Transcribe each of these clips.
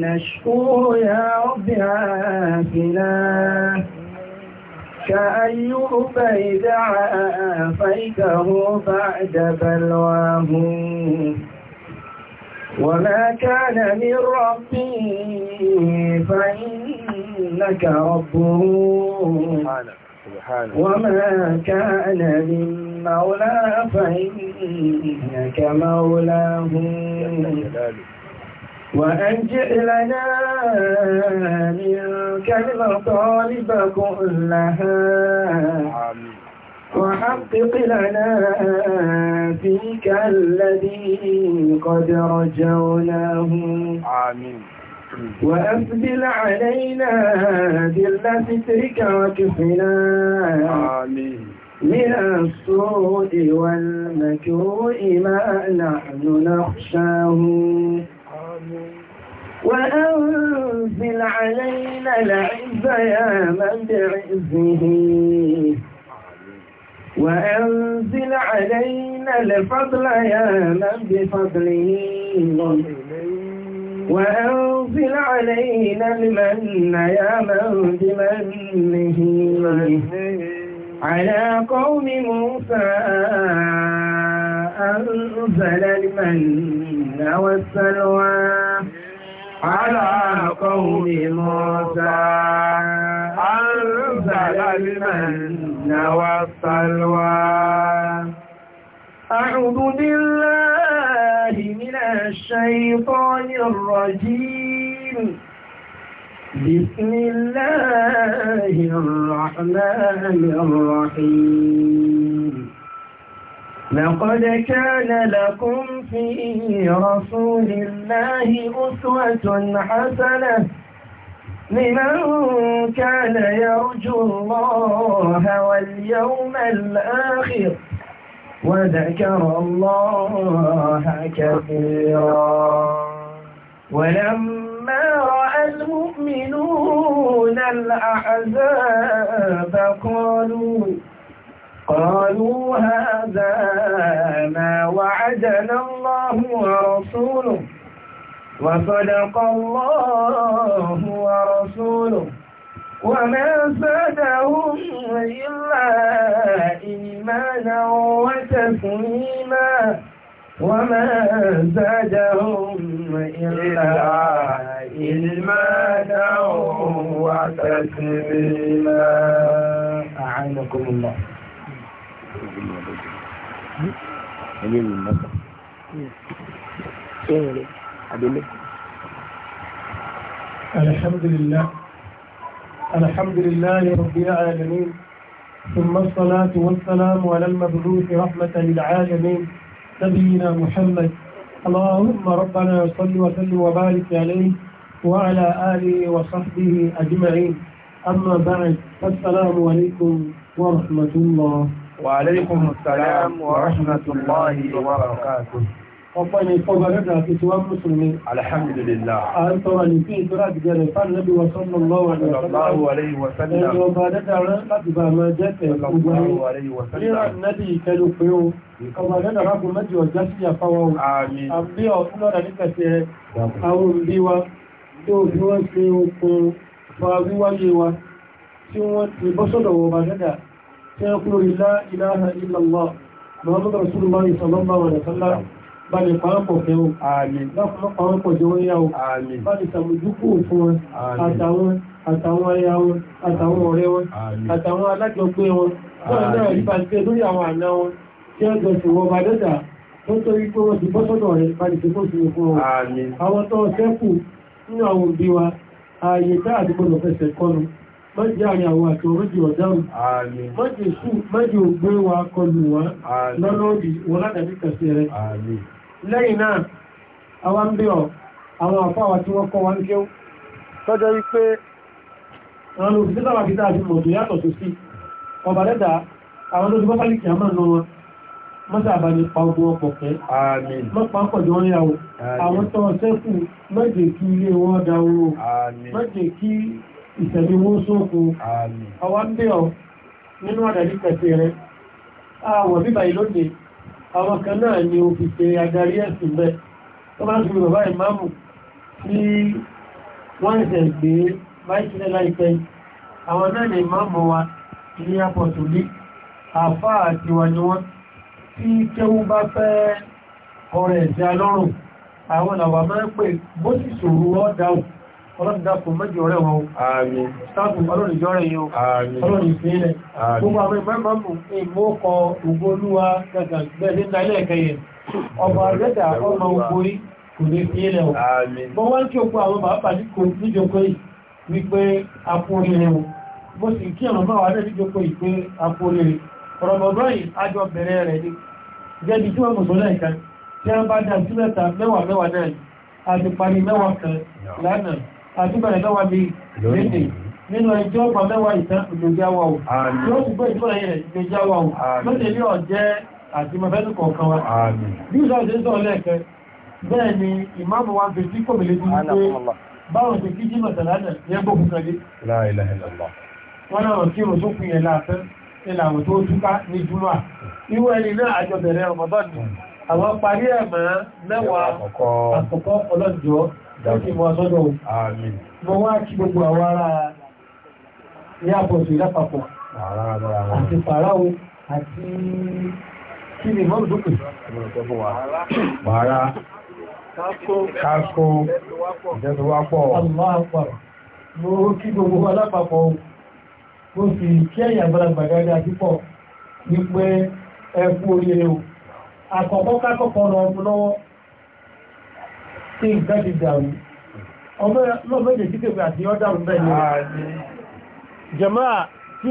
نشكو يا رب عافنا كأيوب إذا عافيته بعد بلواه وما كان من ربي فإنك ربه وما كان من مولى فإنك مولاه وأنجئ لنا منك المطالب كلها وحقق لنا فيك الذي قد رجوناه آمين وأفضل علينا ذل سترك وكفنا آمين من السوء والمكروه ما نحن نخشاه وأنزل علينا العز يا من بعزه وأنزل علينا الفضل يا من بفضله وأنزل علينا المن يا من بمنه على قوم موسى أنزل المن والسلوى على قوم موسى أنزل المن والسلوى أعوذ بالله من الشيطان الرجيم بسم الله الرحمن الرحيم لقد كان لكم في رسول الله أسوة حسنة لمن كان يرجو الله واليوم الآخر وذكر الله كثيرا ولما رأى المؤمنون الأحزاب قالوا قالوا هذا ما وعدنا الله ورسوله وصدق الله ورسوله وما زادهم إلا إيمانا وتسليما وما زادهم إلا إيمانا وتسليما أعانكم الله الحمد لله، الحمد لله رب العالمين ثم الصلاة والسلام على المبعوث رحمة للعالمين نبينا محمد اللهم ربنا صل وسلم وبارك عليه وعلى آله وصحبه أجمعين أما بعد فالسلام عليكم ورحمة الله وعليكم السلام ورحمة الله وبركاته ọ̀pọ̀ni fọ́gbàrẹ́dà àti tí wọ́n mùsùlùmí alhamdulillah a ń tọrọ ní fí ìtura ìgbẹ̀rẹ̀ fánàbí wasannan lọ́wọ́ ẹ̀rọ ọ̀bàrẹ́dà rán láti bá máa jẹ́ tẹ̀ gbogbo ríran nẹ́bí يقول لا إله إلا الله محمد رسول الله صلى الله عليه وسلم Báni pàápọ̀ fẹ́ o. Àmín. Lọ́pọ̀ pàápọ̀ jẹ wọ́n yá o. Àmín. Báni sàmójúkú fún wọn. Àmín. Àtàwọn àtàwọn ẹyà wọn, àtàwọn ọ̀rẹ́ wọn. Àmín. Àtàwọn alájọgbé wọn. Wọ́n náà rí pàṣẹ lórí àwọn àna wọn. Tí ó jọ wọ́n bá dẹ́dà tó ń torí pé wọ́n ti bọ́ Mọ́jì àrin àwọn àti orójì ọ̀dáhùn. Mọ́jì sùn, mọ́jì ògbé wa kọlù wa lọ́nà òdì wọ́n látàbí rẹ̀. Lẹ́yìn náà, àwọn ń bí ọ̀, àwọn àfáwà tí wọ́n kọ́ wa ń kéw. Tọ́jọ́ wípé àwọn olùsí sábà fi dáa sí mọ̀ yàtọ̀ tó sí. Ọba lẹ́dà, àwọn olóṣù bọ́pálì ìtẹ̀lú wọn sóòkú àwọn ń bẹ́ ọ nínú àdàrí kẹsẹ̀ àwọn bíbà ìlóde àwọn kan náà ni o fi ṣe adarí ẹ̀sìn bẹ́ẹ̀ tó bá ń fi bàbá ìmáàmù tí wọ́n ṣẹ̀ gbé máìkìlẹ̀ láìpẹ́ àwọn náà ni ìmáàmù wa ní apọ̀tòlí àfá àti wà ní wọ́n tí kéwú bá fẹ́ ọ̀rẹ̀ ẹ̀sẹ̀ alọ́rùn àwọn làwà máa ń pè bó sì ṣòro ọ́ ọlọ́dàkùn mẹ́jọ rẹ̀ wọn ààrẹ sáàbù ọlọ́rìnjọ́ rẹ̀ yóò ọlọ́rìn ìfẹ́lẹ̀ gbogbo àwọn ìmọ́mù ìmọ́kọ ògbólúwa gẹ́gẹ́ bẹ́ẹ̀ ní ilẹ̀ ẹ̀kẹyẹ ọba rẹ̀dà ọmọ ògbórí kò ní fẹ́lẹ̀ ọ̀ bọ́ wọ́n kí òkú àwọn bàbá níkò níjókòó wípé apóríire o bó sì kí àwọn bàbá rẹ̀ níjókòó ìpé apóríire ọ̀rọ̀mọ̀bọ́yìn ajọ bẹ̀rẹ̀ rẹ̀ ní gẹ́bi tí wọ́n mọ̀ sọ́lá ìkan tí wọ́n bá dá sí mẹ́ta mẹ́wàá mẹ́wàá náà àti parí mẹ́wàá kan lánàá àti bẹ̀rẹ̀ lọ́wọ́ bí léde nínú ẹjọ́ pàmẹ́wàá ìtàn ìgbèjáwà ò yóò sì gbé ìtọ́rẹ̀ yẹn ìgbèjáwà ò lóde ní ọ̀jẹ́ àti mọ̀fẹ́lú kọ̀ọ̀kan wa bí ìṣọ́ ìṣẹ́ sọ lẹ́ẹ̀kẹ́ bẹ́ẹ̀ ni ìmáàmù wa fi sí kòmìlẹ̀ tí wípé báwọn ti kí jí mọ̀tàlánà yẹn gbókù kalẹ̀ wọ́n náà kí o tó kùn yẹn láàfẹ́ ilẹ̀ àwọn tó túká ní júmọ́ irú ẹni náà àjọ bẹ̀rẹ̀ ọmọdọ́ni hmm. àwọn parí ẹ̀mọ́ mẹ́wàá àkọ́kọ́ ọlọ́jọ́ Dákí mọ́ sọ́dọ̀ àmín. Mọ́ wá kí gbogbo àwọn ará ní àpọ̀sù ìlápapọ̀ àti pàráwó àti kí ni mọ́rù dúkù. Bàárá, káàkó, ìjẹ́sọ́wápọ̀. Mo kí gbogbo alápapọ̀ mo fi kí ẹ̀yà balagbàgágá púpọ̀ wípé ẹkú oríire o. Àkọ́kọ́ kákọ́kọ́ lọ ọmọ lọ́wọ́ tí nǹkan ti dàrú ọmọ lọ́mọdé tí kèfè àti ọ́dàrú bẹ́ẹ̀ ni jẹ̀mọ́ tí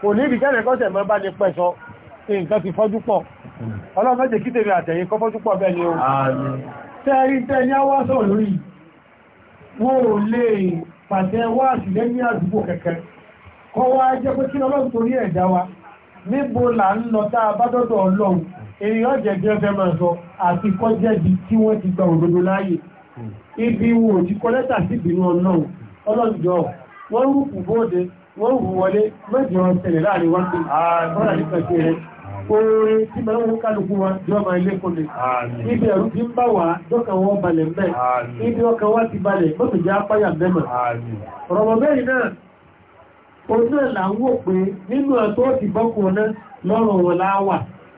kò ní ìdí kẹ́rẹ̀ kọ́sẹ̀ mọ́ bá ní pẹ́sọ tí nǹkan ti fọ́jú pọ̀ ọlọ́mọdé kíte tèmi àtẹ̀yìn kọ́ fọ́jú pọ̀ bẹ́ẹ̀ tẹ́rí ní èèyàn jẹ́ bí ọfẹ́ máa sọ àti tí ti gba òdodo láàyè ibi wo ti lẹ́tà sí ìbínú ọlọ́run wọ́n rú kù bóde wọ́n rú wọlé mẹ́jọ láàrin rẹ̀ oore tí ma ń kálukú wa ibi ẹ̀rù ti ń bá ibi ọkàn wa ti balẹ̀ mọ́tò jẹ́ apáyà mẹ́mà bẹ́ẹ̀ náà là ń wò pé nínú ti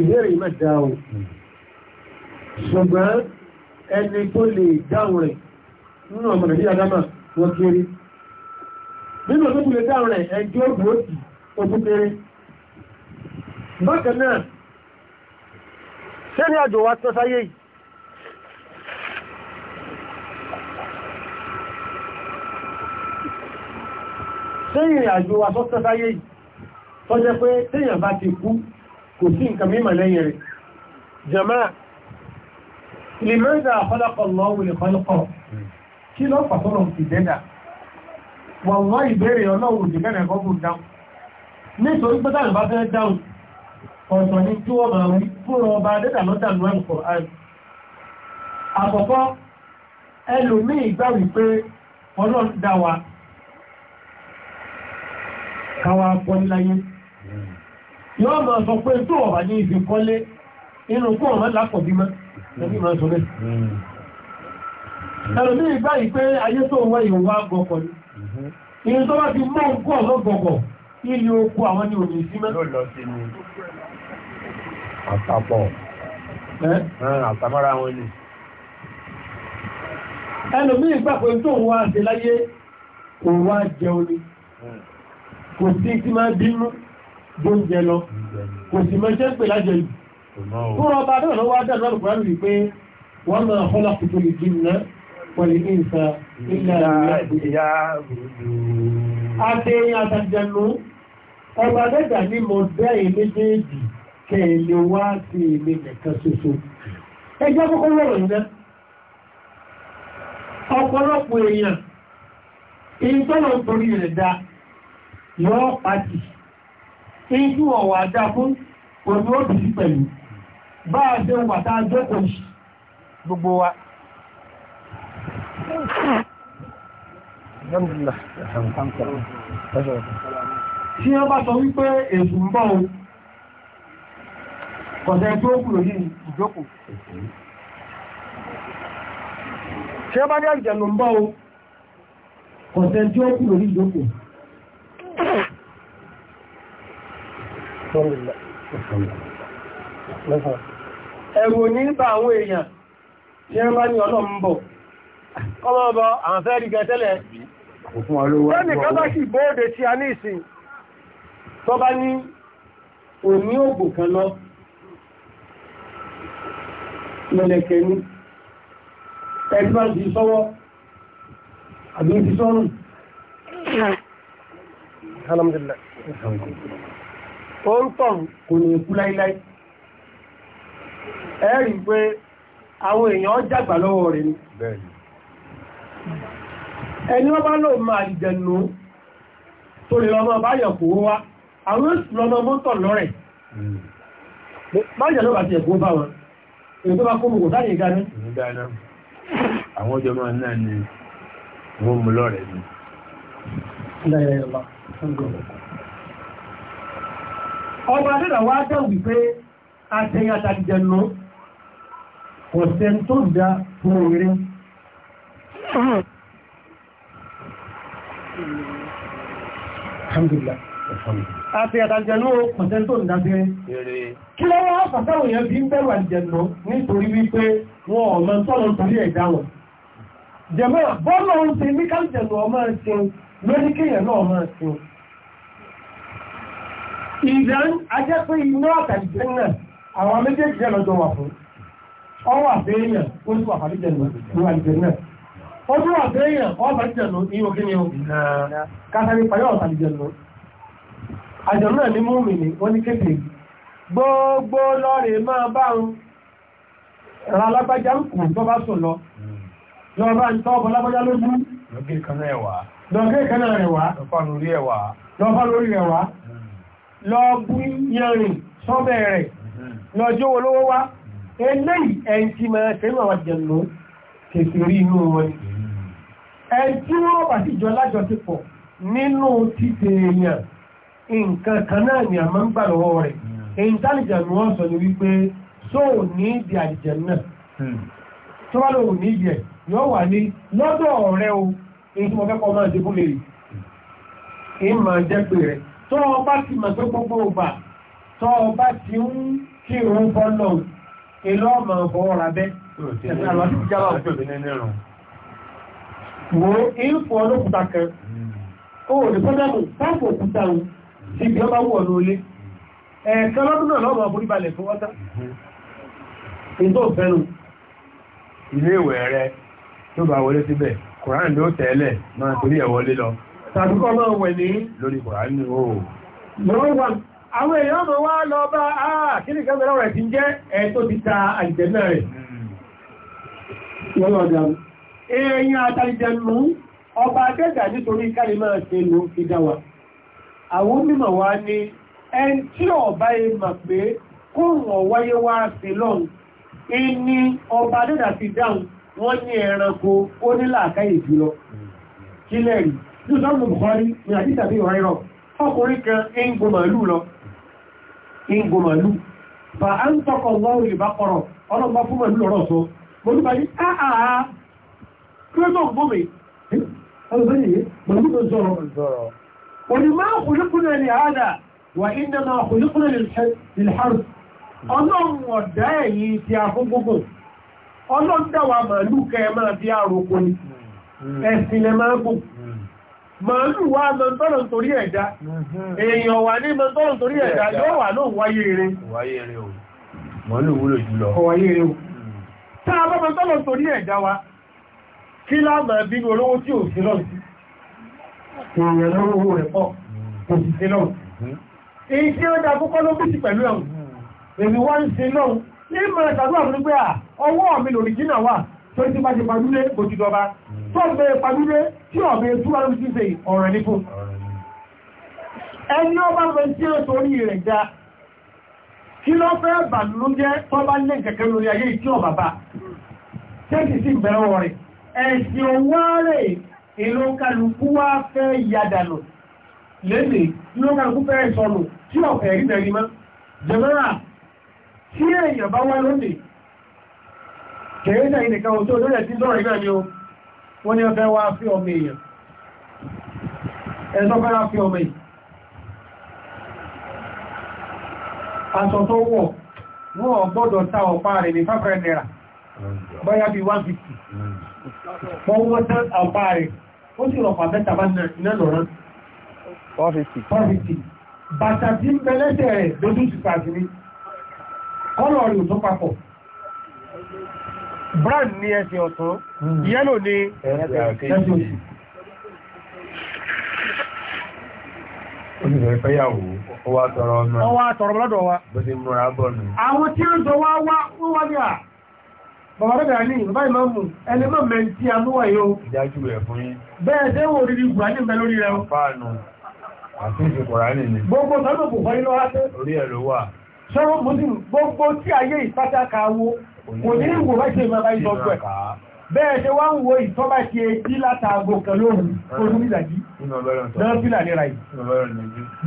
ìbéèrè yìí mẹ́ta o ṣùgbọ́n ẹni tó lè dáhùn rẹ̀ nínú ọmọ nàìjíríà dámà wọ́n kéré nínú ọdún lè dáhùn rẹ̀ ẹjọ́ ògbò òtì ojú kéré bákan náà ṣé ní àjò wa tán sáyé yìí ṣé ìrìn àjò wa tán sáyé yìí tọ́jẹ́ pé téèyàn bá ti kú kò sí nǹkan mímọ̀ lẹ́yìn rẹ̀ jama limaza àkọ́lọ́kọ̀ lọ́wọ́ ilẹ̀ kọ́lọ́kọ̀ kí lọ́ pàtọ́rọ̀ ti dẹ́dà wọ́n wọ́n ìbéèrè ọlọ́wọ́ ti bẹ̀rẹ̀ gọ́gùn dáhùn nítorí pé táwọn bá fẹ́ dáhùn ọ̀sọ̀ ni tí wọ́n yóò máa sọ pé tó ọ̀bà ní ìfi kọ́lé inú kó ọ̀mọ́ lápọ̀ bí mọ́ ẹbí máa sọ bẹ́ẹ̀ ẹ̀rọ ní ìgbà yìí pé ayé tó wọ́n yìí wá gọkọ̀ ni hmm. ìyẹn tó bá ti mọ́ ń kọ́ ọ̀mọ́ gọkọ̀ ilé oko àwọn ni òní sí mọ́ àtàpọ̀ hmm, àtàmọ́ra wọn ni ẹlòmí ìgbà pé tó wọ́n á ṣe láyé kò wá jẹun ni hmm. kò gbóúnjẹ lọ kò sì mọ iṣẹ́ pè lájẹ ìlú tó rọ bá dáná wá dáná lọ́pọ̀ láti rí pé wọ́n máa họ́lá tuntun lè jí iná pẹ̀lú ìsà ilẹ̀ ìyá àtẹ̀yìn àtàjẹnu ọba dẹ́gbà ní mo bẹ́ẹ̀ méjèèjì kẹ̀lé wá sí èmi nìkan ṣoṣo ẹjọ́ kọ́kọ́ wọ̀rọ̀ yìí náà ọ̀pọ̀lọpọ̀ èèyàn ìtọ́lọ̀ torí rẹ̀ dá yọ́ pàtì èyí tí wọ́n wà dá fún òní ó bìí pẹ̀lú bá a ṣe wà tá a jókòó gbogbo wa tí wọ́n bá sọ wípé èsù ń bọ̀ o kọ̀sẹ̀ tí ó kúrò yìí ìjókòó tí wọ́n bá ní àjẹ̀lú o kọ̀sẹ̀ tí ó kúrò yìí ìjókòó ẹ̀rù ní bá àwọn èèyàn tí ẹ máa ní ọlọ́mbọ̀ kọmọ́bọ̀ àwọn fẹ́ rí bóòdè tí a ní ìsìn tó bá ní òní ògùn kan lọ lẹ́lẹ̀kẹ́ ní ẹgbẹ́ ti sọ́wọ́ àbí ti ó kò ní ikú láíláí ẹ̀rí pé àwọn èèyàn jàgbà lọ́wọ́ rẹ̀ ni ẹni wọ́n bá lò máa ìjẹ̀nù tó lè ọmọ bá yẹ̀ wá àwọn èsì mọ́tọ̀ lọ́rẹ̀ hmm. májẹ̀ lọ́wọ́ àti wọn ọba adẹ́dà wá dáhùn wípé àtẹ̀yìn àtàdìjẹ̀ nù ọ̀sẹ̀ tó dá fún orí alhamdulillah àti àtàjẹ̀nú ọ̀sẹ̀ tó dá sí kí lọ́wọ́ àpàtàwò yẹn bí ń bẹ̀rù àjẹ̀nú nítorí wípé tọ́lọ torí bọ́ọ̀lọ́ ń ní ọmọ náà ọmọ ìdán ajẹ́ pé iná àtàìjẹ́ náà àwọn méjèèjì jẹ́ lọ́jọ́ wà fún ọwọ́ àbẹ́yàn ó sì wà fàájẹ́ lọ àìjẹ́ náà ó tún wà bẹ́yàn ọwọ́ fàájẹ́ lọ ní òkè ní òkè kásáré payọ́ àtàìjẹ́ lọ àjọ náà ní múmi ni ó ní kéde gbogbo lọ́rẹ̀ máa bá ń ra lágbájá ń kù tó bá sùn lọ lọ́ba ń tọ́ ọkọ̀ lágbájá lójú lọ́gẹ́ kan náà rẹ̀ lọ bú yẹrin sọ́bẹ̀ rẹ̀ lọ́jọ́ olówó wá eléyìí ẹni tí máa tẹ́lú àwọn jẹ̀lú kèsì rí inú wọn ẹni tí wọ́n bá sì jọ lájọsípọ̀ nínú títẹ èèyàn nǹkan kan náà ni a máa ń gbà lọ́wọ́ rẹ̀ èyí tálìjà ni wọ́n sọ ní wípé sóò ní ìdí àdìjẹ̀ náà tó bá lòun ní ìyẹ̀ yóò wà ní lọ́dọ̀ ọ̀rẹ́ o èyí tí mo fẹ́ kọ́ máa dé jẹ́ tó ọba ti mọ̀ pé gbogbo ọba tó ọba ti ń kí òun bọ́ lọ èlò ọmọ ọ̀bọ̀ ra bẹ́ wo ìfọ̀ olókùta kan ó ní pọ́dẹ̀mù táàpù òkúta òun ti bí ọba wọ̀ lólé ẹ̀ẹ̀kan lọ́dún náà lọ́wọ́ àbúríbalẹ̀ fún wọ́ta ìtò hmm. fẹ́nu ilé ìwẹ̀ rẹ tó bá wọlé síbẹ̀ kòrán ló tẹ̀ẹ́lẹ̀ máa torí ẹ̀wọlé lọ tàbí kọ́ lọ wẹ̀ ní lórí kòránì o lọ́wọ́ wà àwọn èèyàn mọ̀ wá lọ bá àà kí ní kẹ́mẹ́rà rẹ̀ ti jẹ́ ẹ̀ tó ti ta àìjẹ̀mẹ́ rẹ̀ hmm. lọ́lọ́dà èèyàn àtàìjẹ̀mú ọba akẹ́gà nítorí kárí máa ṣe ló fi dáwà àwọn mímọ̀ wá ní ẹn tí ọba ní ọdún Bukhari ní àdíta bí ọ̀rẹ́ rọ ọkùnrin kan ingo màálù lọ ingo màálù fa a ń tọ́kọ̀ wọ́n lè bá kọ̀rọ̀ ọlọ́gbà fún màálù lọ́rọ̀ sọ mo ní báyìí áà kílódò gbómi ọlọ́bẹ̀yẹ màálù tó sọ̀rọ̀ òní máa kùlùkùnà ní àádà wà iná máa kùlùkùnà lè ọlọ́run ọ̀dá ẹ̀yìn ti àfúgbogbo ọlọ́dáwà màálù kò ní hmm. hmm. ẹ̀sìn lẹ máa gbogbo màálù wá mọ́ tọ́rọ̀ torí ẹ̀dá mhm. èèyàn wà ní mọ́ torí ẹ̀dá yóò wà náà wáyé rẹ̀ wáyé o màálù wúlò jùlọ wáyé rẹ̀ o mhm. a bá ẹ̀dá wa kí láàmà bínú olówó tí ò sí lọ èèyàn rẹ̀ pọ̀ mhm. torí tí bá ṣe pàdúlé bòjìdọba tó bẹ pàdúlé tí ọ̀bẹ túbà ló ti ṣe ọ̀rẹ́ nípò ẹni ó bá fẹ́ tí ó torí rẹ̀ já kí ló fẹ́ bà ló jẹ́ tó bá lẹ́ kẹ̀kẹ́ lórí ayé tí ọ̀bà bá tẹ́kì sí ìbẹ̀rẹ̀ rẹ̀ ẹ̀sìn owó rẹ̀ èlò kálukú wá fẹ́ yàdànù lẹ́lẹ̀ ló kálukú fẹ́ sọnù tí ọ̀fẹ́ rí bẹ̀rí mọ́ jẹ̀mọ́ra tí èèyàn bá wá lónìí kẹrẹ́sà ìnìkan oṣù olóòrẹ̀ tí sọ́rọ̀ ìgbà ni ó wọ́n ni ọ̀fẹ́ wá fí ọmọ èèyàn ẹ̀sọ́ fẹ́ fi ọmọ èèyàn aṣọ tó wọ̀ wọ́n gbọ́dọ̀ ta ọ̀pá rẹ̀ ní 500 naira bọ́yá bí 150 wọ́n wọ́n tán ọ̀pá rẹ̀ ó sì rọ̀pá mẹ́ta bá iná lọ́rán 450 bàtà tí ń ò tó papọ̀ brand ní ẹsẹ̀ ọ̀tún hmm. yẹ́lò ní ẹsẹ̀ Bàbá rẹ̀ ní ìbá ìmọ̀mù ẹni mọ́ mẹ́ tí a múwà yóò. Ìdájú rẹ̀ fún yí. Bẹ́ẹ̀ tẹ́ wò rí rí gbà ní ìbẹ̀ lórí rẹ̀. Fáànù, àti ìfẹ̀kọ̀rá nìní. Gbogbo tọ́lọ̀pù fọ́ ilọ́ kò ní ìwò bá ṣe máa bá ìsọ pẹ̀ bẹ́ẹ̀ ṣe wá ń wo ìtọ́bá ṣe tí látàgbò kan lóòrùn ojú nígbàjí lọ́pìlà nira yìí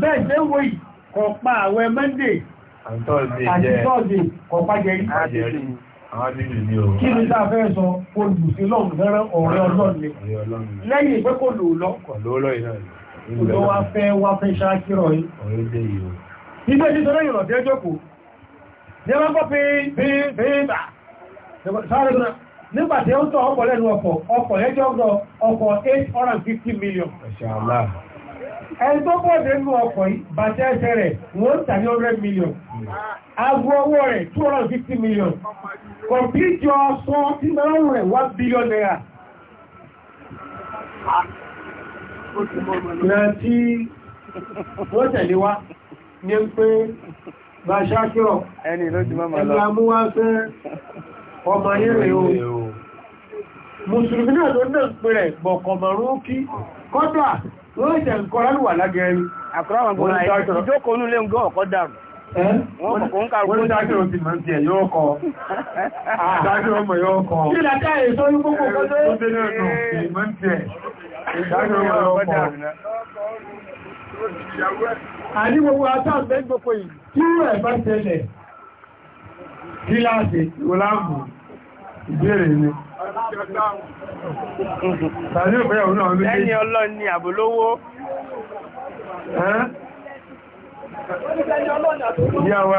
bẹ́ẹ̀ ṣe ń wo ìkọ̀pá àwẹ̀ Monday àti Thursday kọ̀pá jẹrí kí ni tá a fẹ́ sọ olùsí lọ́rùn fẹ́rẹ́ ọ̀rẹ́ ọlọ́run ni lẹ́yìn pé kò lò lọ òjò wa fẹ́ wa fẹ́ ṣáàkírọ̀ yìí nígbà tí sọ́dọ̀ ìrọ̀dẹ́jọ́ kò ní ọmọ pọ́ fi fi fi bà sáré náà nígbà tí ó tọ́ ọkọ̀ lẹ́nu ọkọ̀ ọkọ̀ ẹjọ́ ọgbọ̀ ọkọ̀ 850 million ẹni tó bọ́ lẹ́nu ọkọ̀ bàtẹ́ ẹsẹ̀ rẹ̀ wọ́n tà ní 100 million agbo ọwọ́ rẹ̀ 250 million kọ̀pítì ọsán tí máa ń rẹ̀ 1 billion naira Ìrántí wọ́n tẹ̀lé wá ní pé bá ṣákírọ̀ ẹni ló ti mọ́ mọ́ lọ ẹgbàmúwáfẹ́ ọmọ ayẹ́rẹ̀ o mùsùlùmí náà tó náà pẹ̀rẹ̀ bọ̀kọ̀mọ̀rún kí kọ́dà wọ́n ìjẹ̀ nǹkan ránúwà lágẹ̀ẹ́rí àkọ́rọ̀wọ̀n gbọ́nà ìjókòó nílé ń gọ́ ọ̀kọ́ dàrù wọ́n kọ̀kọ́ ń kàrùkú dájọ́ ti mọ̀ sí ẹ̀ yóò kọ́ dájọ́ ọmọ yóò kọ́ kí làtà èso ní gbogbo ọkọ́ tó àní gbogbo àtàbẹ́ gbogbo yìí tí rẹ̀ bá tẹ́lẹ̀ kíláàsì ìwòláàmù ìbéèrè ni tàbí ìgbéyàwó náà méjì ẹni ọlọ́ni ni àbòlówó Ìyàwó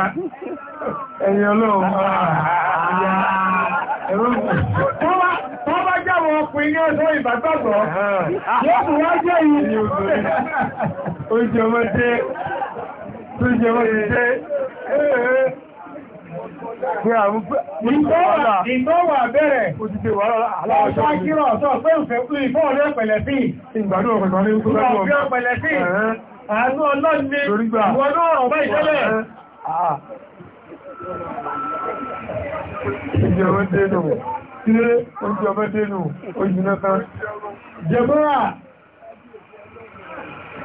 ẹni ọlọ́run Wọ́n ah, bá jáwọ ọkùnrin ní ọjọ́ ìbàgbàgbọ́, yóò bù wá jẹ́ ìyìn oúnjẹ ọmọ jẹ́ oúnjẹ ọmọ jẹ́ pé àwọn ìgbọ́wà bẹ̀rẹ̀ òtìtẹ̀ wà láàájọ́ ìgbọ́wà ọ̀tọ́ pé òfẹ́ fún ìfọ́ọ̀lẹ́ pẹ̀lẹ̀ sí ìgbàdó ọ̀pẹ̀lẹ̀ sí àánú ọlọ́ni wọ́n náà ọ̀bá ìṣẹ́lẹ̀ Ìjọba ah. dénú, oúnjẹ ọmọ dénú, oúnjẹ náà kan. Jẹ̀mọ́ra,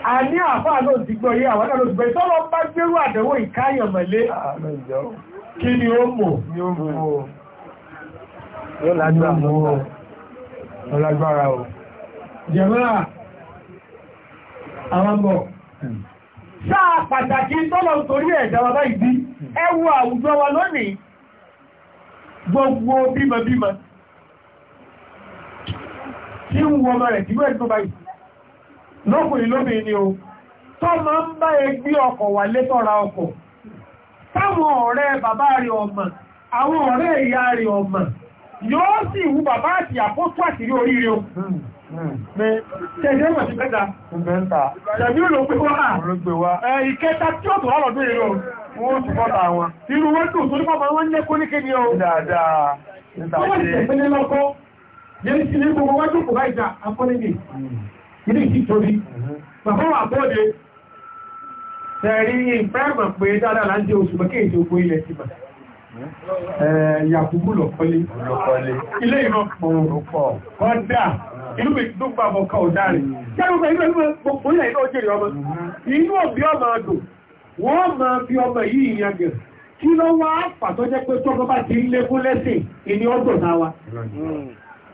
a ní àfáà ló ti gbọ́ yé àwọn náà gbé tọ́lọ bá gbérú àdẹ̀wò ìkáyàn mọ̀lé kí ni ó mọ̀ yóò lágbára o jẹ̀mọ́ra àwọn bọ̀ hmm. sáà pàtàkì tọ́lọ torí ẹ̀dà wa báyìí bí ẹ wo àwùjọ wa lónìí gbogbo bímọ bímọ tí ń wọ ọmọ rẹ̀ tí wọ́n ẹ̀dùn lókùnrin lóbi ni o tó ma ń bá ẹgbí ọkọ̀ wà létọ́ra ọkọ̀ táwọn ọ̀rẹ́ bàbá rẹ̀ ọmọ àwọn ọ̀rẹ́ ìyá rẹ̀ ọmọ yóò sì wú bàbá àti àkóso àtìrí oríire o tẹ̀jẹ́ mọ̀sí ní ní gbogbo wájú kò bá ìjà akọ́lẹ́gbẹ̀ hmm. ilé ìtìtorí mhm. bàbá wà bọ́de tẹ̀rí ìfẹ́mọ̀ pé dáadáa láti oṣù mẹ́kèèjì ogun ilẹ̀ ti bà mhm. yàkùkù lọ̀kọ́lé ilé ìran kọ́dà mhm. inú mi tó gbà bọ̀ kọ́ ọ̀dáre jẹ́rùgbà inú ẹgbẹ́ gbogbo ilẹ̀ inú ọjọ́ ìrọmọ inú òbí ọmọ ọdún wọ́n máa fi kí lọ wá pàtọ́jẹ́ pé tọ́gbọ́ ti ń lékún lẹ́sìn ìní ọdún náà wa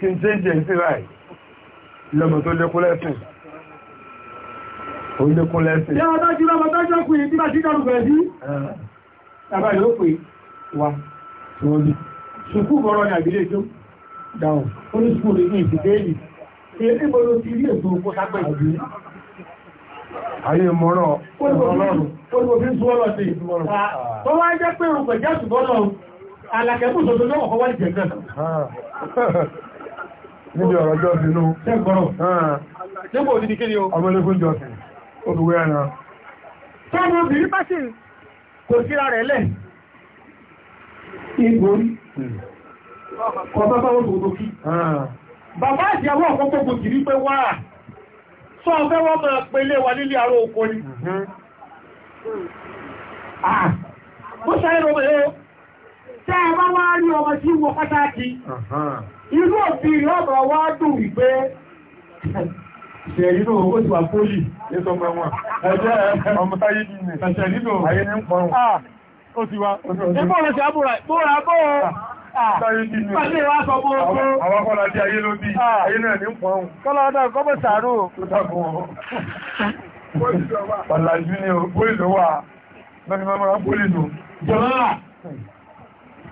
kí n change ẹ̀ sí ráì lọ́mọ tó lékún lẹ́sìn ó lékún lẹ́sìn yá ọ̀dá jù lọ́mọ tó jọ́kùn yìí bá jíjọ́ rúgbẹ̀ sí ẹ̀bá ah. yóò pè wá sọ́ọ́lì sùkú bọ́rọ̀ ní àgbélé tó dáhùn ó ní sùkú ní ìsìnkéèlì èyí mo ló ti rí ètò òkú sápẹ́ ìdí ayé mọ́rọ̀ ọlọ́run ó ní mo fi ń sún ọlọ́ sí ìsúnmọ́rọ̀ ah, tó wá jẹ́ pé òun pẹ̀jẹ́ àtùbọ́lọ́ alàkẹ́kùn tó tó lọ́wọ́ níbi ọ̀rọ̀ ah. jọ sínú ọmọlẹ́kùn jọ sí olùwé ẹ̀nà tọ́mọ obìnrin bá sì kò síra rẹ̀ lẹ̀ ìgbórí ọba bá wọ́n gbogbo kí ah. bàbá ìyàwó ọ̀pọ̀pọ̀ gbogbo pé wà sọ ọ̀fẹ́ wọ́n máa pẹ̀lẹ̀ wà nílé àrò oko ni Mo mhm. ah. ṣe ẹ̀rọ mẹ́rin tẹ́ ẹ bá wá rí ọmọ tí wọ pátákì irú òfin ọmọ wá dùn wípé ṣẹ̀rínú owó ti wà fólì lẹ́sọ ọmọ ẹ̀wọ̀n ẹjẹ́ ọmọ táyé ní ilẹ̀ ṣẹ̀rínú ayé ní pọ̀rún ó ti wá ẹgbọ́n lọ sí àbúrà bóra bọ́ Táyé ní ilẹ̀ àwọn akọ́lá tí ayé ló bí ayé náà ní pọ̀rún. Kọ́lá ọdá kọ́bọ̀ sàárò. Ó dàbọ̀ wọn. Pọ̀lá ìjú ni ó, pólì ló wà. Lọ́nà mẹ́mọ́ra pólì nù. Jọ̀lá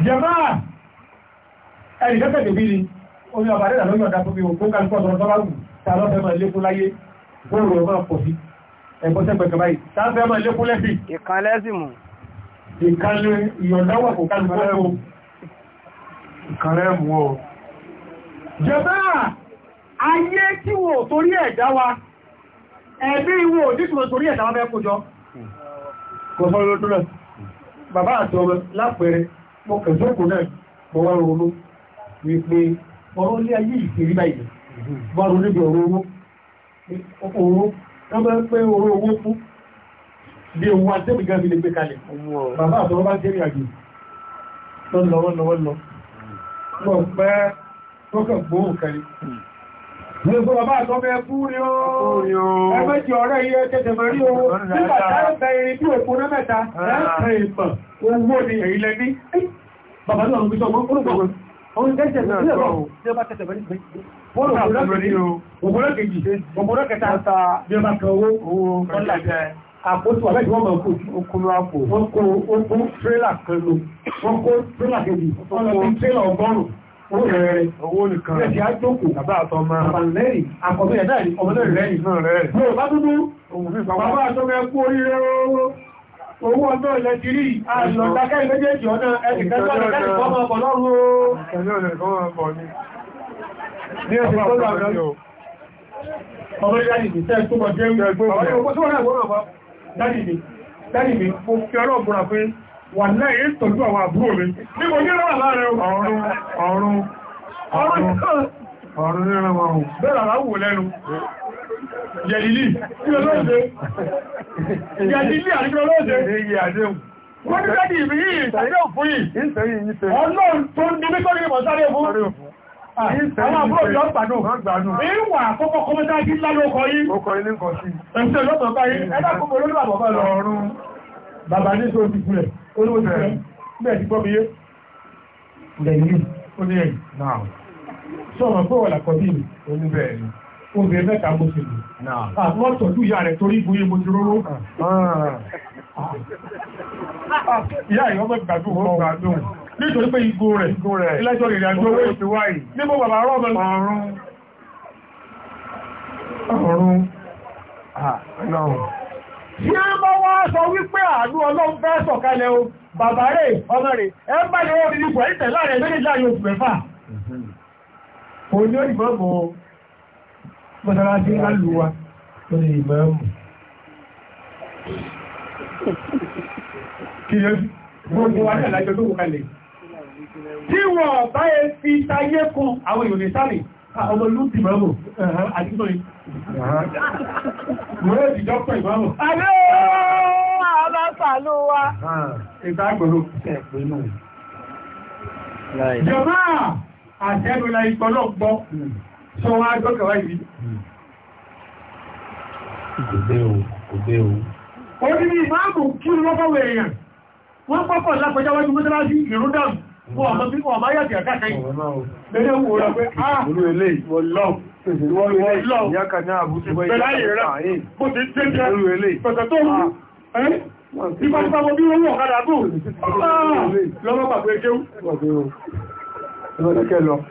jẹmáà ẹni kẹ́kẹ́ tèmi ni omi ọba dẹ́dà lórí ọ̀dà fún mi òkú kálukọ́ ọ̀sọ̀rọ̀ tọ́lá wù tá a lọ́fẹ́ máa lékún láyé góòrò ọmọ pọ̀ sí ẹ̀kọ́ sẹ́gbẹ̀kẹ̀ báyìí tá a fẹ́ máa lékún lẹ́sì ìkànlẹ́sìmù ìkànlẹ́ ìyọ̀dáwọ̀ kò kálukọ́ ẹ̀rọ ìkànlẹ́ mú ọ jẹmáà ayé tí wò torí ẹ̀dá wa ẹ̀bí ìwò díkùnrin torí ẹ̀dá wa fẹ́ kójọ kò sọ́rọ̀ lọ́tọ́lọ́ bàbá àti ọmọ lápẹẹrẹ mo kẹ̀sọ́kù náà mo wá ronú wípé ọ̀rọ̀ ilé ayé ìṣèrí báyìí bá mm-hmm. ronú bí ọ̀rọ̀ owó owó wọ́n bá ń pẹ́ owó owó fún bí owó àtẹ́bì gan ilé gbé kalẹ̀ bàbá àtọwọ́ bá ń tẹ́rì àjò lọ́lọ́wọ́lọ́wọ́ lọ mm. pẹ́ tókàn gbóhùn kẹrì Gbogbo bàbá àtọ́bẹ̀ fún ní ooo, ẹgbẹ́jì ọ̀rẹ́ iye tẹ́tẹ̀mọ̀ rí ooo, nígbàtà ẹ̀bẹ̀ irin tí òpó náà mẹ́ta, ẹ̀ẹ́kẹ̀ẹ́ ah. ìpọ̀ owó ni èyí lẹ ní bàbá náà gbígbọ́ wọn orúkọ wọn àwọn ìgbẹ́jẹ̀ náà lọ́wọ́ bí ó bá tẹ̀sẹ̀ bẹ́ẹ̀ ní wọ́n rọ̀ ní ògbọ́rọ̀ kejì ògbọ́rọ̀ kẹta ta bí ó bá kan owó ọ̀là àpótò àbẹ́jì wọ́n máa kó okun àpò wọ́n kó okun tírélà kan lò wọ́n kó tírélà kejì wọ́n lọ sí tírélà ọgọ́rùn-ún owó nìkan rẹ̀ ṣe àjókù bàbá àtọmọ àpàlẹ́rìn àkọ̀bẹ̀yẹ̀ náà ọmọdé rẹ̀ yìí náà rẹ̀ owó ọjọ́ ilẹ̀ ti rí àlọ̀dáká ìgbẹ́jẹ́jì ọ̀nà ẹ̀kẹ́kẹ́ Wà náà èé tọ́jú àwọn àbúrò mi, ní mo ní rọ́wà láàrin ọ̀run, ọ̀run, ọ̀run, ọ̀run ní ẹran wọn. Bẹ́ẹ̀ rà wò lẹ́nu. Jẹ̀lìlì, kí olóòṣe? Jẹ̀lìlì àti kí olóòṣe? Èyí àdéhùn. Wọ́n ti sẹ́dì ìbí yìí ìsàdéhùn fún yìí. Ìsẹ̀yìn yìí sẹ́yìn. Ọlọ́run tó ń dibí kọ́rin ìmọ̀ sáré fún. Ah, àwọn àbúrò yọ gbàdùn. Ìwà àkọ́kọ́ kọmọdájí lálọ́kọ̀ yìí. Ó kọ ilé ń kọ sí. Ẹ̀sẹ̀ lọ́tọ̀ báyìí, ẹ̀dá gbogbo olóòlùwà bàbá lọ ọ̀run. Bàbá ní sọ ti fún ẹ̀, olówó ti fún ẹ̀, bẹ́ẹ̀ ti gbọ́ mi yé. Lẹ́yìn, ó ní ẹ̀yìn náà. Sọ̀rọ̀ pé wọ̀ làkọ́ bí mi. Ó ní bẹ́ẹ̀ ni obìnrin mẹ́ta mo sì lò àmọ́ ah, tọ́jú ìyá rẹ̀ torí ìbúyé mo ti róró ah. Ah, ìyá ìwọ́n mẹ́ gbàdúrà wọ́n gbàdúrà nítorí pé igbó rẹ̀ ilẹ́jọ́ ìrìn àjò owó ti wáyìí nígbó bàbá rọ́ọ̀mọ́ ọ̀run tí a mọ́ wá sọ wípé àánú ọlọ́run fẹ́ sọ̀kalẹ̀ o bàbá rẹ̀ ọmọ rẹ̀ ẹ ń bá ní wọ́n fi ní pọ̀ ìtẹ̀ láàrẹ̀ méjì láàrin oṣù mẹ́fà òní ó ìbọn mọ́ mọ́sálásí alùwà lórí ìmáàmù kí yẹ́ gbogbo wa ní àlájọ tó kọkalẹ̀ tí wọ́n bá yẹ fi táyé kún àwọn ìròyìn sáré ọmọ ìlú ti mọ́mù àti tó yìí mọ́rẹ́ ìjọ pẹ̀ ìmọ́mù Jọ̀máà àtẹ́lùlà ìpọ̀lọ́gbọ́ tó wọ́n á gbọ́kà wá yìí. Òde o, òde o. Ó ní ní ìmáàmù kí ló lọ́kọ̀wé èèyàn. Wọ́n pọ́pọ̀ lápẹjá wájú mọ́tálásí ìrúdàmù. Wọ́n ọmọ bí wọ́n máa yàtì àkàkà yìí. Bẹ́ẹ̀ wò rọ pé, ah, olú ilé ìwọ̀n lọ́ọ̀. Ìwọ̀n lọ́ọ̀. Ìyá kan ní àbúté wọ́n yìí. Bẹ́ẹ̀ láyé rẹ̀, bó ti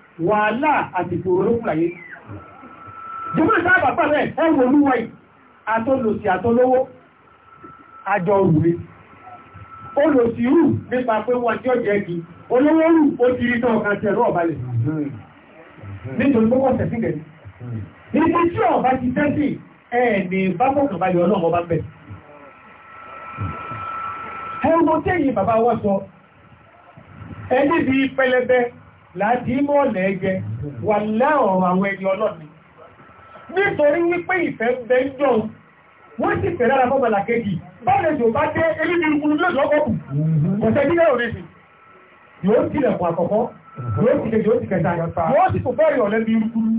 wàhálà àti ìfòrò ló kúrayé jùmọ́ ìsáàbà pàlẹ̀ ẹwọ olúwa àtọ́lòsì àtọ́lówó àjọ òwúrí olòsì rù nípa pé wọ́n tí ó jẹ́ kí olówó rù ó ti rí tán ọ̀kan tẹ̀rọ ọ̀balẹ̀ nítorí pé wọ́n tẹ̀sí gẹ̀ẹ́ níbi tí ọ̀bá ti tẹ́sí ẹ̀ẹ̀mì bá bọ̀kàn balẹ̀ ọlọ́run ọba bẹ̀ ẹwọ tẹ́yìn bàbá wọ́n láti mọ́ọ̀lẹ̀ ẹgbẹ́ wà láọ̀rọ̀ àwọn ẹni ọlọ́ni nítorí wípé ìfẹ́ bẹ́ ń jọ wọ́n sì fẹ́ lára fọ́bàlà kejì bọ́ọ̀lẹ̀ tó bá jẹ́ elébìrúkúrú lọ́gbọ́kù kọ̀tẹ́ nílẹ̀ òrèsì yóò tilẹ̀kùn àkọ́kọ́ yóò ti kejì yóò ti kẹta yóò sì tó fẹ́rì ọ̀lẹ́ bí irúkúrú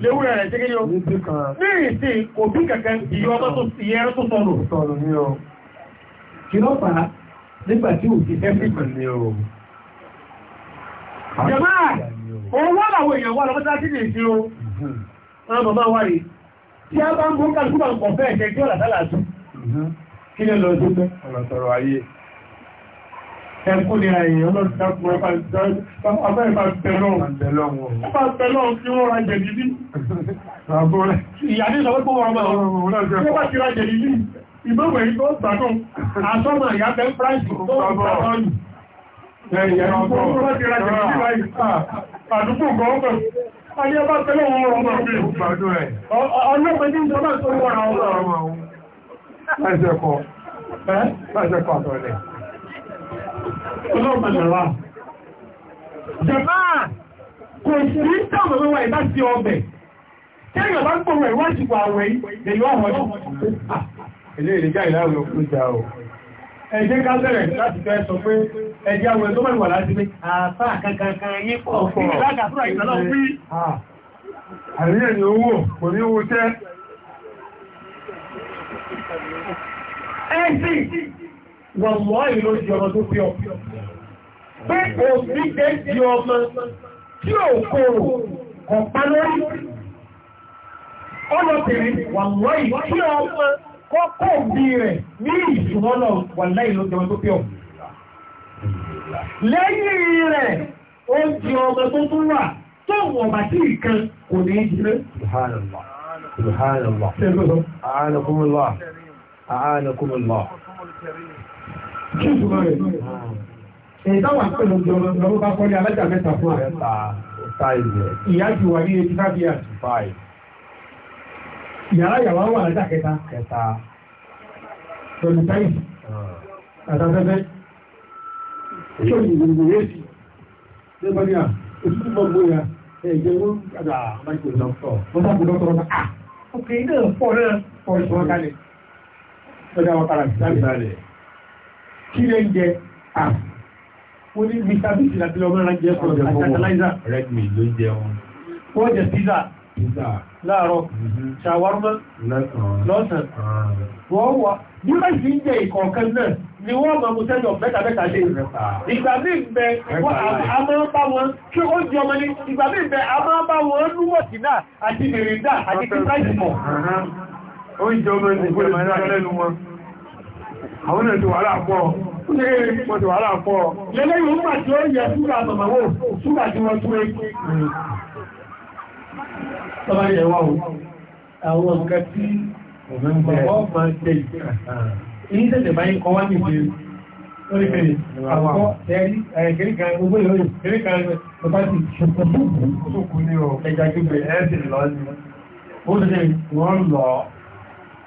léwúrẹ̀ rẹ̀ jẹ́gẹ́ yóò ní ìsìn kò bí kẹ̀kẹ́ ìyọ ọmọ tó sì yẹ́ tó sọ̀rọ̀ sọ̀rọ̀ ní ọ kí ló fà á nígbà tí ò ti ẹ́fì pẹ̀lú ọ jẹ́mà owó làwọn èèyàn wà lọ́pẹ́ta sí o ọmọ bá wà rí tí a bá ń gbọ́n kálukú bá ẹkú ni àyè ọlọ́dún ọba ìbá tẹ́lọ́wọ̀n kí wọ́n ra jẹ̀dì bí ìyàdí ìsọ̀wọ́ pọ̀ wọ́n bá ti ra jẹ̀dì bí ìbọ̀wẹ̀ ìgbọ́ gbàtún àtọ́mà ìyàbẹ̀ price tó gbàtún ah. àdúgbò gọ́ọ̀gbọ̀n ayé bá tẹ́lọ́wọ̀n ọmọ ọmọ ọmọ ọmọ ọmọ ọlọ́mọlọ́wà jẹ̀máà kò sí dáwọn ọmọ ìbá sí ọbẹ̀ tẹ́yọ̀ bá gbọ́rọ̀ ẹ̀wọ́ àsìkò àwẹ̀ ìdẹ̀yọ́ ọ̀họ̀ ilé ìrìnjá ìlàwẹ̀ òkúta o ẹjẹ́ ká bẹ̀rẹ̀ láti fẹ́ sọ pé ẹjẹ́ àwẹ̀ tó mẹ́wàá láti pé àfá kankan yí pọ̀ fún ìgbàgbàfúrà ìgbàlọ́ pí ah, àríyẹ̀ ni owó kò ní owó tẹ́ ẹ̀sìn wọ́n mọ́ ìlò ìdí ọmọ tó fi ọ pé òbí jẹ́ di ọmọ tí ò kòrò ọ̀pá lórí ọlọ́bìnrin wà mọ́ ìlò tí ọmọ kọ́kọ́ òbí rẹ̀ ní ìṣúná wà láì ló jẹun tó fi ọ lẹ́yìn rẹ̀ ó di ọmọ tó tún wà tó wọ̀n bá sí ìkan kò ní í jẹ́ Subhanallah. Subhanallah. A'anakumullah. A'anakumullah kí ìtumọ̀ rẹ̀ èyí táwọn àpẹẹrẹ ọjọ́ lọ́wọ́ bá kọ́lé alájà mẹ́ta fún ààrẹ ìyá ti wà ní eighty five years ìyàrá ìyàwó wà alájà kẹta kẹta twenty five àtàfẹ́fẹ́ tó ní ìgbìmọ̀ yé sí lẹ́gbọ́n ní à òtútù bọ́ gbóyà ẹ̀jẹ̀ wọ́n àdà àmájò lọ́tọ̀ wọ́n sábà lọ́tọ̀ náà ah òkè náà pọ̀ náà pọ̀ ìṣòro kalẹ̀ lọ́jà wọn kalẹ̀ kí lè jẹ à ah, wọ́n ní bí sábìsì láti lọ mẹ́ra jẹ́ fún ọjà fertilizer redmi ló jẹ wọn wọ́n jẹ pizza láàárọ̀ ṣàwármà mm-hmm. lọ́sàn ah. wọ́n wà bí wọ́n sì ń jẹ ìkọ̀ọ̀kan náà ni wọ́n máa mú sẹ́jọ̀ mẹ́ta-mẹ́ta ṣe ìgbà mí bẹ a máa bá wọn tí ó jẹ ọmọ ní ìgbà mí bẹ a máa bá wọn lúwọ̀ sí náà àti mìrìndà àwọn náà ti wà láàpọ̀ ṣe wọ́n ti wà láàpọ̀ lẹ́lẹ́yìn ó pàtí ó yẹ ṣúgbà àtọ̀mọ̀wò ṣúgbà tí wọ́n tún ẹkù tọ́bá yẹ wá o àwọn nǹkan tí ọ̀pọ̀ máa jẹ ìyí tẹ̀lẹ̀ báyìí kọ́ wá nìgbè lórí fèrè àkọ́ ẹ̀rí ẹ̀kẹ́rí kan gbogbo ìlú ìkẹ́rí kan lọ́pàá ti ṣokùnkùn ní ọ̀ ẹja gbígbẹ̀ ẹ̀ẹ́sì lọ́ọ́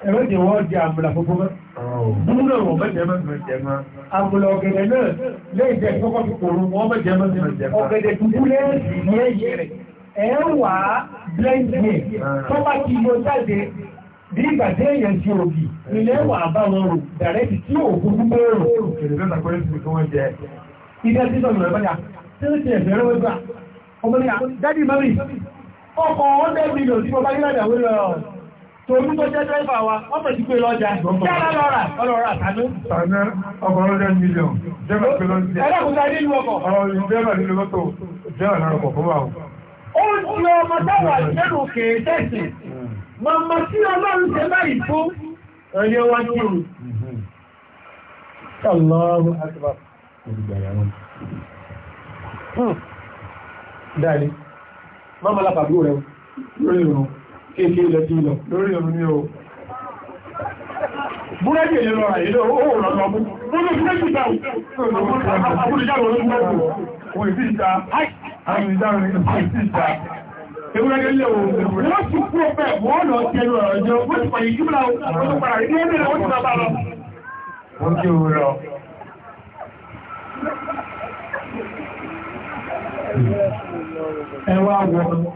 ẹ̀rọ jẹ wọ́n jẹ àmùlà fúnfún mọ́. Oh. Búrú náà wọ́n mẹ́jẹ mọ́. Àmùlà ọ̀gẹ̀dẹ̀ náà lẹ́yìn jẹ́ kọ́kọ́ fi kòrò wọ́n mẹ́jẹ mọ́. Ọ̀gẹ̀dẹ̀ tuntun lẹ́yìn yẹ́yẹ rẹ̀. Ẹ wà á blẹ́ndì tó bá ti yọ jáde bí ìgbà tí èèyàn ti òbí ilé wà á bá wọn rò dàrẹ́tì tí òkú gbogbo rò. Ilé ẹtí sọ̀rọ̀ rẹ̀ báyà. Ṣé ó ti ẹ̀ torí tó jẹ́ dẹ́fà wa wọ́n mọ̀ sí pé lọ́jà yára lọ́ra ọlọ́ra àtànú. tàná ọkọ̀ ọlọ́jà mílíọ̀n jẹ́bà pé lọ́jà. ẹlẹ́kùnrin adé ìlú ọkọ̀. ọ̀rọ̀ jẹ́bà nínú mọ́tò jẹ́bà lára ọkọ̀ fún wa o. ó ń kéèké ilẹ̀ tí lọ lórí ọmọ ní o búrẹ́dì èyí lọ àìlẹ́ oòrùn ọ̀rọ̀ ọmọ lọ sí ẹnu ọ̀rọ̀ jẹ́ wọ́n ẹwà wọ́n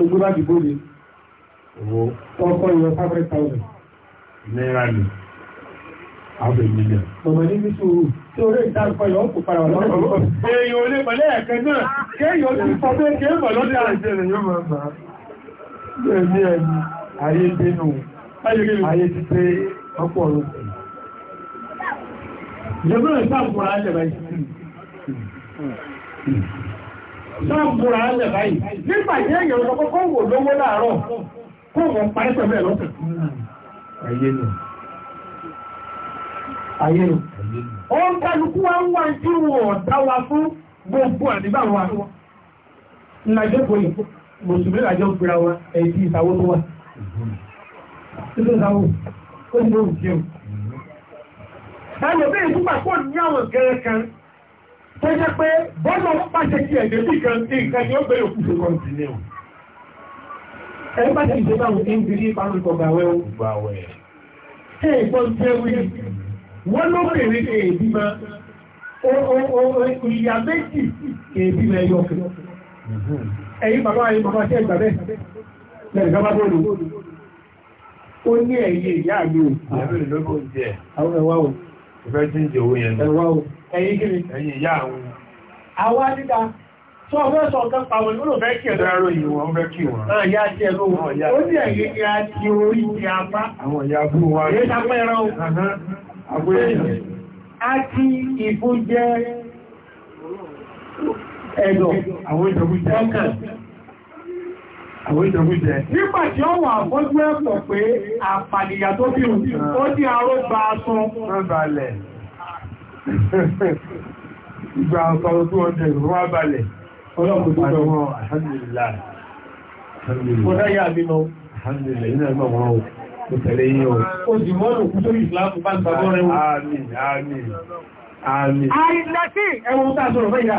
ogún láti bóde ọkọ̀ ìwọ̀n 500,000 náírà ni àwọn ènìyàn ọmọ ní bí sùúrù tí orí ìdáǹkọ́ yọ kò padà wọ́n lọ́wọ́ èèyàn olè pẹ̀lẹ́ ẹ̀kẹ́ náà kéèyàn ti sọ pé kéèmọ̀ lọ́dẹ̀ àìsẹ̀ rẹ̀ yóò máa máa ní ẹni ayé náà múra ẹ̀ báyìí nígbà tí èèyàn sọ kókó wò lówó láàárọ̀ kó wọ́n lọ́sẹ̀. ayé nù ayé ó ń kálukú wa ń wá tí wọn dá wa fún gbogbo wa. tó jẹ́ pé bọ́lọ̀ ń pàṣẹ kí bí kan tí nǹkan ni ó òkú tó kọ́ sí ẹ̀rẹ́ ìjọba àwọn o o ìfẹ́ tí ń jẹ owó yẹn ẹ̀wọ́ ẹ̀yìn kiri ẹ̀yìn ìyá àwọn àwọn adídá tó ọ̀fẹ́ sọ ọ̀kan pàwọn ìwọ́n fẹ́ kí ẹ̀dọ́ ẹ̀rọ yìí wọ́n fẹ́ kí wọ́n yá tí ẹ̀rọ wọn ó ní ẹ̀yìn ni a ti orí ti apá àwọn ìyá bú wa èyí sápẹ́ ẹran a ti ìfún jẹ́ ẹ̀dọ̀ àwọn ìjọba àwẹ́jẹ̀wẹ́jẹ̀ nígbà tí ó wà fọ́jú ẹ̀pọ̀ pé àpàdìyà tó bí ó dí aró gba aṣún rẹ̀bàlẹ̀ ìgbà ọ̀pọ̀ tó ọdẹ̀ rẹ̀bàlẹ̀ ọlọ́pùpù Òtẹ̀lẹ̀ yìí o. Àìlẹ́sí ẹwọ́n tàà sọ̀rọ̀ ìyá.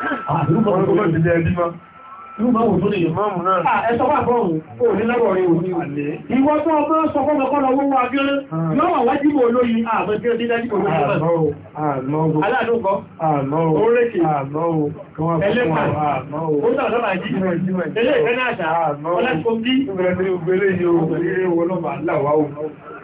Ah, ah, Ìwọ tó ọmọ sọ fọ́mọ kọ́lọ owó wa gẹ́rẹ́, yọ́ wà wájú mọ̀ olóyìn ààbẹ̀ tí ó dídá ní kòrò ìjọba. Aláàdúgbọ́, orékè, ẹlẹ́pàá, ó tàbí àjí, ẹlẹ́ ìfẹ́ náà ṣà, ọlá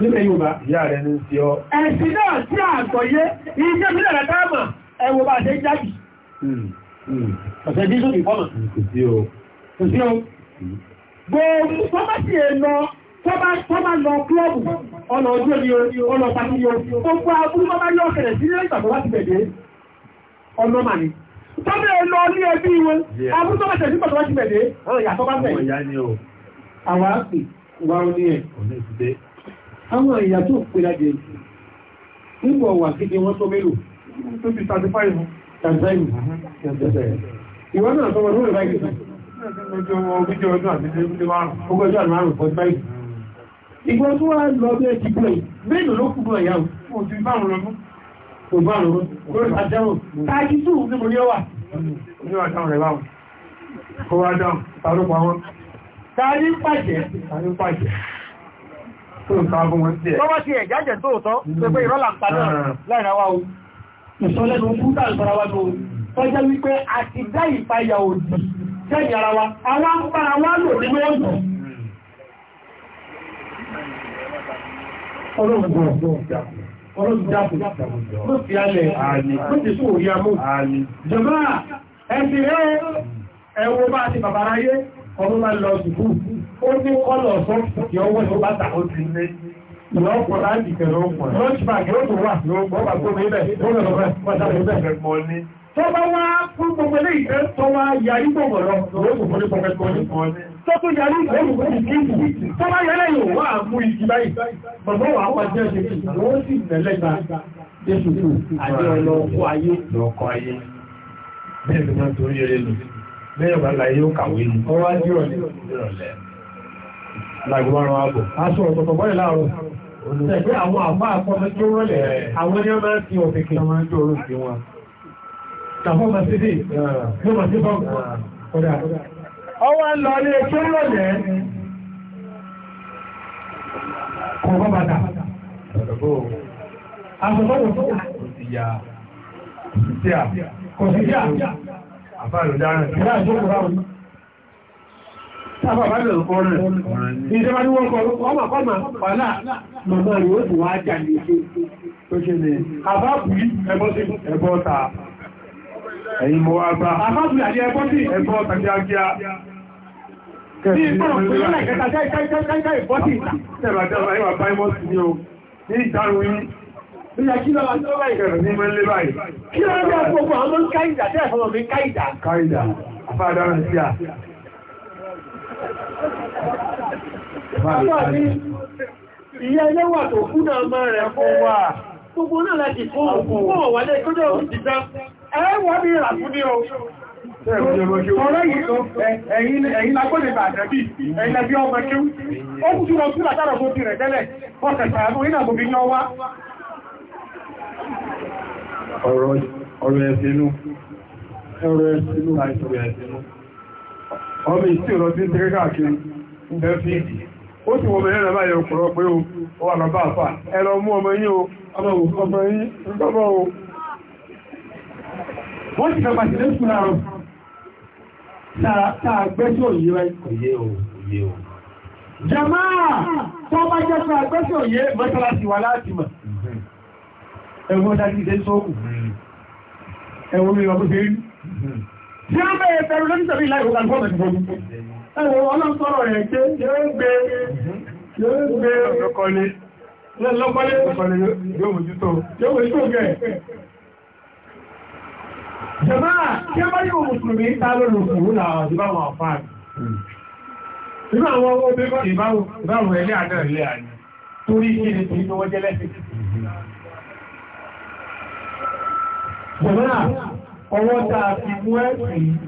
nílẹ̀ Yorùbá ìyá rẹ̀ ní sí ọ. ẹ̀sìn náà tí a gbọ́yé iṣẹ́ mi lẹ̀rẹ̀ táàmà ẹwọ bá ṣe jáde hmm, hmm. ọ̀sẹ̀ bí sókè fọ́mà kò sí o hmm. gbogbo fọ́másì ẹ̀nà tọ́bá lọ klọ́bù ọ̀nà ojú ni ọ̀nà pàtí ni gbogbo abúrú bá bá ní ẹbí àwọn èèyàn tó pè lájẹ̀ nígbà wà sí wọ́n tó mélòó tó ti 35 tanzania ìwọ́n náà tọ́wọ́ lórí báyìí ìgbọ́n tó wá lọ bí ẹ̀kì pẹ̀lú mélòó ló kú bọ́ ìyàwó òtún bá rùn lọ́nú kò bá rùn lórí àjẹ́wò tàbí tó ní mo ní ọwà ní ọjọ́ rẹ̀ báwọn kó wá dáhùn tàbí pàwọn tàbí pàjẹ́ tó ń ta fún wọn tí ẹ̀. tọ́wọ́ sí ẹ̀ jájẹ̀ tó tọ́ pẹ̀pẹ́ ìrọ́là pàdé láìra wa o ìsọ́lẹ́nu fún tàbí wa tó tọ́jẹ́ wípé a ti dá ìpayà òdì tẹ́yìn ara wa àwọn ń bára wá lò nínú ọ̀dọ̀ ọlọ́gbọ̀n ọ̀dọ̀ ọlọ́gbọ̀n ló fi alẹ̀ ló ti sún òrí amó jọba ẹ̀sìn rẹ̀ ẹ̀wọ̀ bá ti bàbára yé ọmọ máa lọ sùkúù ó ní kọ́lọ̀ sọ́ọ̀tù tí ọwọ́ ìlú bá tàbí ti lé ìlọ́pọ̀ láti kẹrọ ọ̀pọ̀ lọ́ṣìbàgì ó tó wà ní ọgbọ́n bá tó mẹ́bẹ̀ tó lọ́rọ̀ bẹ́ẹ̀ pàtàkì bẹ́ẹ̀ mọ́ fún gbogbo fún ní tó bá yẹlẹ́ yóò wá mú ìjì báyìí bàbá wà á pàjẹ́ ṣe kí wọ́n sì nẹ̀lẹ́gbà jésù tó àjẹ́ ọlọ́ọ̀kọ́ ayé lọ́ọ̀kọ́ ayé bẹ́ẹ̀ ló máa torí eré lágbọ́rún ààbò. Aṣọ ọ̀tọ̀tọ̀ bọ́rẹ̀ láàrọ̀. Ṣẹ̀gbẹ́ àwọn àpá àpọ́mọ́ tí ó rọ́lẹ̀ àwọn ní ọmọ ti ọ̀fẹ́kì ọmọ ń jòrò sí wọn. Tàbọ́ ma sí dì, ló ma sí bọ́ọ̀kù. Ọwọ́ ń lọ ní ẹjọ́ rọ̀lẹ̀. Kò bọ́ bàtà. Aṣọ bọ́ọ̀lù tó wà. Kò sí yá. Kò sí yá. Kò sí yá. Àfáà ló sábà bá bẹ̀rẹ̀ ọ̀rẹ́ ìjọba ní wọ́n kọ́ ọmọ kọ́mà pàlá màmá rẹ̀ ó sì wá jà ní ṣe tó ṣe ní àbábùí ẹbọ́ sí ẹbọ́ ta ẹ̀yìn mọ́ àbá àbábùí àti ẹbọ́ sí ẹbọ́ ta kíákíá Ní ìpọ̀rọ̀ pẹ̀lú ẹ̀kẹta jẹ́ ìkẹ́kẹ́kẹ́ ìbọ́sì ìta. Ṣẹ̀bà jẹ́ ọ̀rọ̀ ìwà báyìmọ́sì ní o, ní ìdáhùn yìí, Ìyà kí lọ́wọ́ tó báyìí rẹ̀ ní mẹ́lẹ́ báyìí. Kí lọ́wọ́ bí ọkọ̀ ọmọ ń káìdà tẹ́ ẹ̀fọ́mọ̀ mi káìdà. Káìdà, fàdáràn sí Ìyá ilé wà tó kú náà máa rẹ̀ fún Gbogbo o. ẹ̀sìnú, ọ̀rọ̀ ẹ̀sìnú, ọmọ ìsí ọ̀rọ̀ tí ń tẹ́rẹ́ ń bẹ́ fíìdì. ó sì wọ́n mẹ́rin àbáyẹ òkúrọ̀ pé o wà bàbá àfà ẹ̀rọ mú ọmọ yí o ọmọ yí gbọ́mọ́ o wọ́n ti kàpàtì lé fún àrùn tàà gbẹ́sí òyí rẹ̀ òyé o òyé o jamaa tó bá jẹ́ tàà gbẹ́sí òyé mọ́sálásí wà láti mọ̀ ẹ̀wọ́n dájú ìdẹ́ sókù ẹ̀wọ́n mi lọ bó ṣe rí mhm. tí wọ́n ẹwọ ọlọ́sọ́rọ̀ rẹ̀ jẹ́ yóò gbé yóò gbé lọ́kọ́lé lọ́kọ́lé yóò mójútó yóò mójútó gẹ̀ jẹmá kí a bá yíò mùsùlùmí ta lórí òkú láwọn ìbáwọn àfáàrí nígbà àwọn owó bí ìbáwọn ẹlẹ́ àdá ilé àní torí kí ni tí wọ́n jẹ́ lẹ́sìn jẹmá ọwọ́ ta fi mú ẹ̀sìn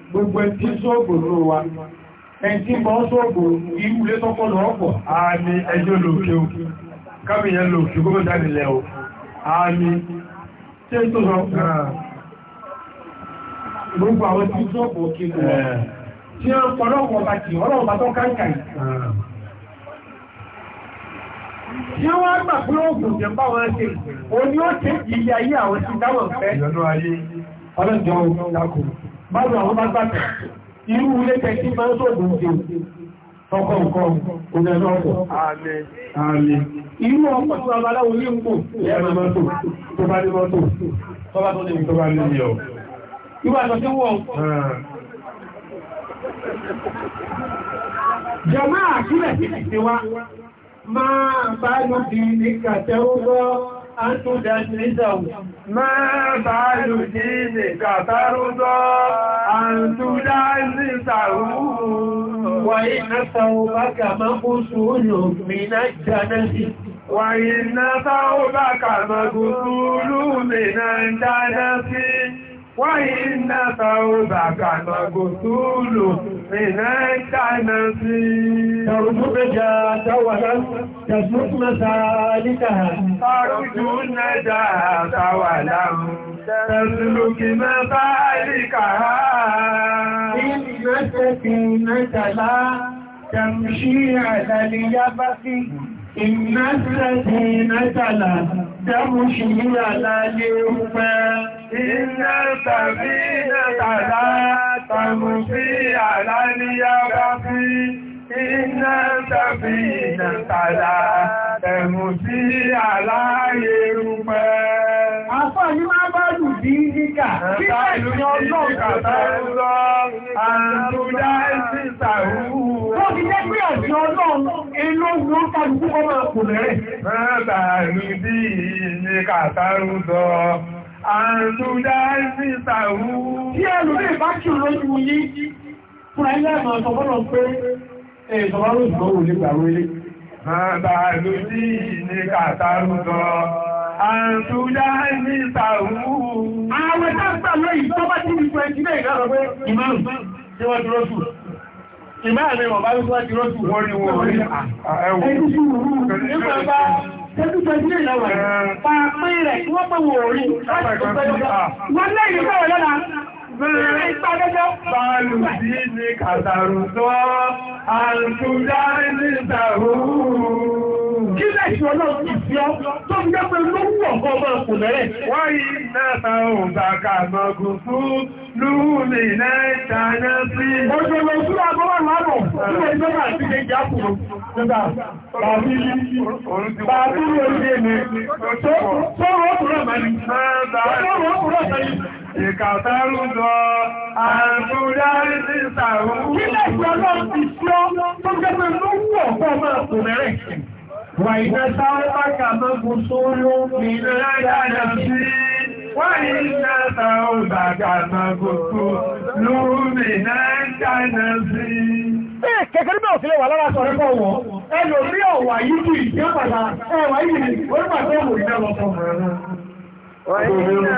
gbogbo ẹ̀tí sóògbò ló wa ẹ̀tí bọ́ ìwúlé ọ̀pọ̀ ẹjọ́ lòkè o lòkè o tí ó gbogbo tí ó pọ̀lọ́pọ̀ gbà bá wọn ṣe ó ayé àwọn báwọn àwọn bá gbàtà irú ilé tẹ́kí máa ń ṣe ọkọ̀ nǹkan òjẹ̀lọ́ ọkọ̀ ààrẹ irú ọkọ̀ tí wọ́n bá ní ipò lẹ́ẹ̀rẹ̀ mọ́tò tó bá bá ní tó ní ọ̀ irú أنتم تدرسوا ما فعل دينك ترضى أنتم تدرسوا وإن ثوبك مغسول من الجنس وإن ثوبك مغسول من الجنس وإن ثوبك مغسول من الدنس ترجو جاء تسلك مسالكها ترجو النجاة ولم تسلك مسالكها إن السكينة تمشي على اليبس إن السفينة لا تمشي على اليم إن السفينة لا تمشي على اليم iná tàbí iná tàdá ẹ̀mù sí aláyé rúpẹ́. Àfọ́ yí máa bá lù bí níkà, kí ẹ̀lú ní ọlọ́ọ̀kà tẹ́lọ, àtúndá sí sàúrù. Wọ́n ti jẹ́ pé ọ̀sìn ọlọ́run inú ló kàlùkù ọmọ àpòlẹ́rẹ̀. Mẹ́ta lù bí níkà tẹ́lọ. Àtúndá sí sàúrù. Kí ẹ̀lú ní ìbákìrò lójú yí, fún ayé àmọ̀ ọ̀sọ̀ ìtọ́rọ̀ ìṣòwò n'ụlọ wílé. ló sí ní kàtàrùtọ̀, àtúndá ní ìtàrù. Àwọn ìtàgbà lóyìí tó bá tí nípa ẹgbẹ́ ìgbàlọ́ pé ìmáàrù tí wọ́n dúró sùn. Ìmáàrù ọ̀bá ló Báàlù sí ní kàtàrù tó àtúndárí ní ìtàrù. Kí lẹ́ṣù ọlọ́run ti fi ọ́ tó ń jẹ́ pé lówó ọ̀gọ́ ọmọ ọkùnrin rẹ̀? Wọ́n yìí náà ta òǹkà kàmọ́gùn fún lúmi náà tàná sí. Oṣù lọ sí àbọ́wà lábọ̀ nígbà ìjọba àti kejì àpùrù. Nígbà bàbí bàbí orí èmi. Sọ́rọ̀ ọkùnrin ọ̀mẹ́ni. Sọ́rọ̀ ọkùnrin ọ̀mẹ́ni. Ìkàtàrúdọ̀ àrùdárí sí ìsàrùn. Kí lẹ́sì ọlọ́run ti ṣọ́ tó gẹ́gẹ́ ló wù ọ̀pọ̀ máa kò mẹ́rẹ̀. وإذا ثوبك مبصول من الأنفس وإذا ثوبك مبصول من الأنفس eh, Kékeré bẹ́ẹ̀ òsílẹ̀ wà lára sọ̀rẹ́ pọ̀ wọ́n, ẹlò rí ọ̀wà yìí kí ìjẹ́ pàdà ẹwà yìí orí pàdé ọmọ ìjẹ́ lọ fọ́mọ̀ ẹ̀rọ. Wọ́n yìí náà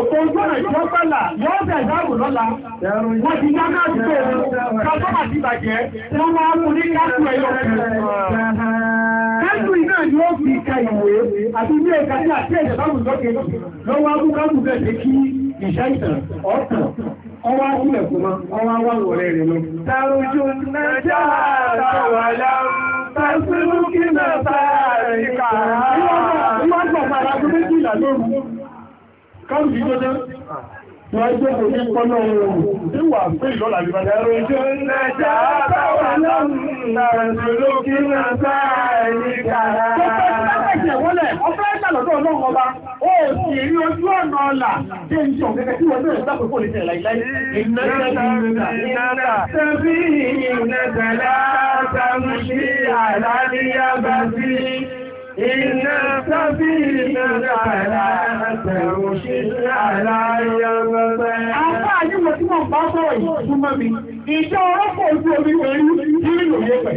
òkú ojú ọ̀nà tí ó pẹ́lá yóò bẹ̀ ìdáàbò lọ́la wọ́n ti náà tó àti ìbàjẹ́ ka ìwé àti ilé ẹ̀ka ní àti ẹ̀jẹ̀ fún ma rẹ̀ lọ. kí mẹ́ta káàkì jọ́jẹ́ wọ́n jẹ́ kò ní kọ́nà ohun tí wà pé ìlọ́lá ìbàdà ẹ̀rọ ìjọ́ ẹ̀jẹ́ àtàwà náà lókí náà sáà ní kàrà rí ojú ọ̀nà ọ̀la tí ń jọ gẹ́gẹ́ tí wọ́n bẹ̀rẹ̀ sápò fòlì tẹ̀lá ìláyé. Ìnáta tẹ́bí ìnẹ́tẹ̀lá Iná sábí ìlànà àtẹ̀ òṣìṣẹ́ àláyé mẹ́fẹ́. Àpá àyíwọ̀ tí wọ́n bá sọ̀rọ̀ yìí súnmọ́ mi, ìjọ ọlọ́pọ̀ ojú omi pẹ̀lú ìrìnlò yẹ́pẹ̀.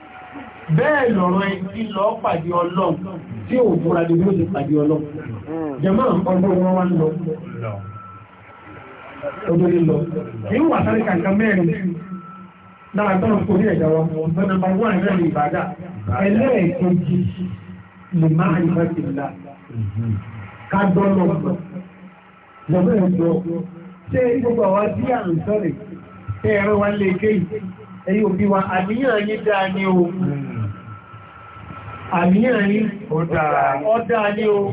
bẹ́ẹ̀ lọ̀rọ̀ ẹni lọ pàdé ọlọ́run tí ò múra ní ló ti pàdé ọlọ́run jẹmọ́ ọgbọ́n wọn wá ń lọ odori lọ èyí wà sáré kankan mẹ́rin lára tọ́nà kò ní ẹ̀dá wa ọ̀nà bá wà nílẹ̀ ní ìbàdà ẹlẹ́ẹ̀kejì lè máa ń bá ti là ká dọ́lọ̀ lọ jẹmọ́ ẹ̀dọ́ ṣé gbogbo àwa tí à ń sọ̀rọ̀ tẹ́ ẹ̀rọ wa lè ẹ̀yìn òbí wa àníyàn yí dáa ní o àníyàn yí ní o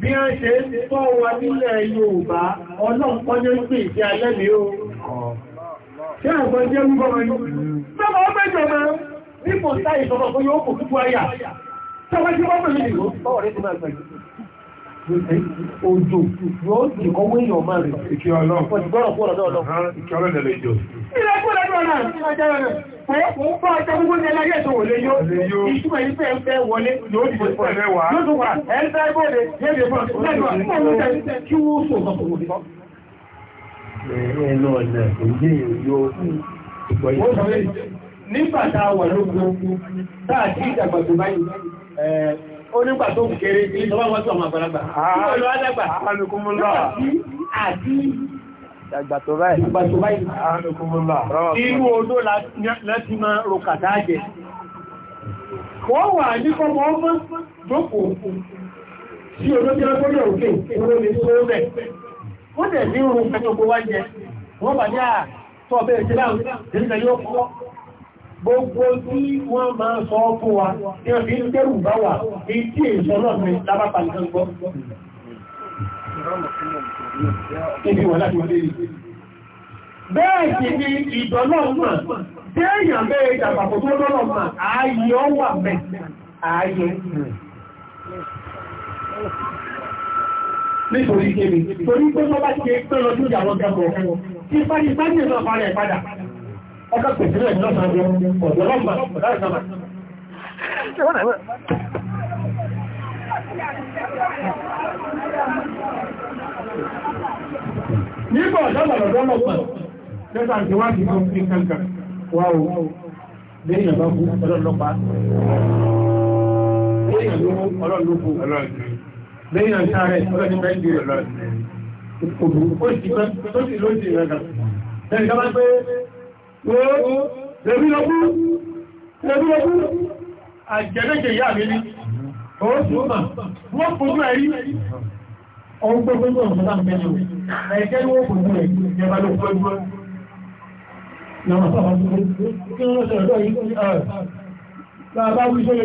bí a ṣe tó wà nílẹ̀ Yorùbá ọlọ́pọ̀jẹ́ pè sí alẹ́ mi o ṣe àgbọn jẹ́ rúgbọ́n ọmọ ọmọ òjò yóò ti kọ́wé èèyàn máa rẹ̀ ìkí ọlọ́run ìgbọ́rọ̀ kúrò lọ́dọ̀ ọlọ́run ìkí ọlọ́run lè jò ìrẹ́ kúrò lọ́dọ̀ ọlọ́run ìrẹ́ kúrò lọ́dọ̀ ọlọ́run ìrẹ́ kúrò lọ́dọ̀ onígbà tó kéré ní ọwọ́ wọ́n tó ọmọ àgbàlagbà ọlọ́ adágbà alùkúnmọ́lá àti àgbà tó báyìí alùkúnmọ́lá inú odó láti máa ro kàtà jẹ wọ́n wà ní kọmọ ọmọ jókò sí odó tí wọ́n gbọ́dọ̀ òkè ìwọ́n tó bẹ̀ wọ́n tẹ̀ sí orun kẹtọ́gbọ́ wájẹ wọ́n bà ní à tọ́ bẹ̀rẹ̀ sí láàrín gbogbo tí wọ́n máa sọ fún wa tí wọ́n fi ń tẹ́rù bá wà ní tí èso lọ́nà lábápa nǹkan gbọ́. Bẹ́ẹ̀ sì ni ìdọ́lọ́mà, déèyàn bẹ́ẹ̀ ìdàpàpọ̀ tó lọ́lọ́mà, ààyè ọ wà mẹ́, ààyè. Nítorí kébé, torí pé wọ́n bá ti pẹ́ lọ sí ìjàwọ́ gẹ́gbọ̀ ọ̀fẹ́ wọn, ti fáyé fáyé náà parẹ́ padà ẹgbẹ́ pẹ̀sílẹ̀ ní ọ̀sán jẹ́ ọ̀dọ̀ ọlọ́pàá ọ̀dá ìsàmà nígbà ọ̀dọ́ ọ̀dọ́ ọlọ́pàá tẹ́ta àti wá sí fún ní kankan wá o lẹ́yìn ọ̀dọ́ kú ọ̀dọ́ ọlọ́pàá lẹ́yìn ọ̀dọ́ lókù lẹ́yìn ọ̀sáré ọ̀dọ́ ní mẹ́jì ọ̀dọ́ òbúrú lórí lọ́gbú lórí lọ́gbú àjẹ́lẹ́jẹ̀ ìyá mi ní ọwọ́ sí ọmọ wọ́n fojú ẹ̀rí ọwọ́ gbogbo ọ̀sán láti mẹ́jọ ẹ̀ẹ́kẹ́ ni wọ́n fojú ẹ̀rí ìjẹba ló fojú ẹ̀rí Ìjọba sọ̀rọ̀ ọdún yìí, kí wọ́n sọ̀rọ̀ ọdún yìí,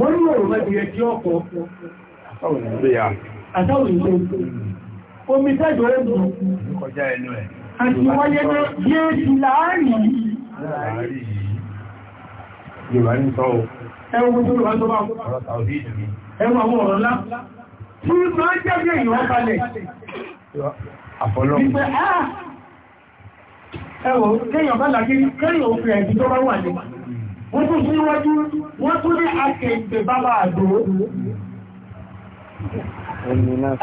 wọ́n ní òrùn mẹ́bí ẹ tí ọkọ̀ àtàwọn ìṣẹ́ omi tẹ́jọ ẹ̀bùn kọjá ẹnu ẹ̀ àti wáyé náà yé ti láàárín Yorùbá ní sọ ẹwọ́n gbogbo Yorùbá tó bá ọ̀rọ̀ tàbí ìdìmí ẹwọ́n àwọn ọ̀rọ̀ ńlá tí máa jẹ́ bí èèyàn balẹ̀ àfọlọ́pù ah! ẹwọ́n kéèyàn bá làgé kéèyàn òfin ẹ̀dí tó bá wà nípa wọ́n tún síwájú wọ́n tún ní àkèǹdè bàbá àdó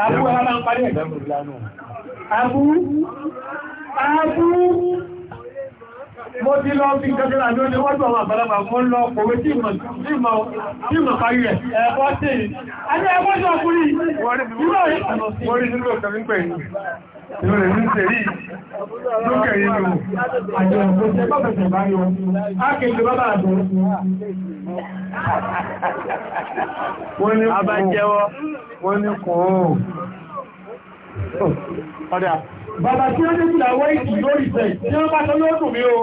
Àbú ara ń parí ẹ̀dá Àbú, Àbú, mo ti lọ bí ìjọdún àjọ ní wọ́n tó àwọn àbálàbà mọ́ lọ pòwé tí ìmọ̀ parí rẹ̀ ẹ̀kọ́ sí. A ní ẹgbọ́n tó ọkùnrin, wọ́n rí nínú ọ̀kàrí pẹ̀lú. Ìlú rẹ̀ ń ṣe rí lókè nínú àjọ ìgbésẹ̀ pàtàkì bá yọ. A kè jù bábà àjọ. Wọ́n ní kò ó. Wọ́n ní kò ó. Bàbá tí ó ní ìlàwó ìtì lórí ìfẹ́ tí wọ́n bá tọ́lọ́ òkú mi o.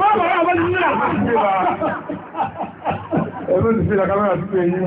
Bàbá àwọn ọmọdé nílà. Ẹgbẹ́ ti fi ìlà kámẹ́rà sí pé yìí.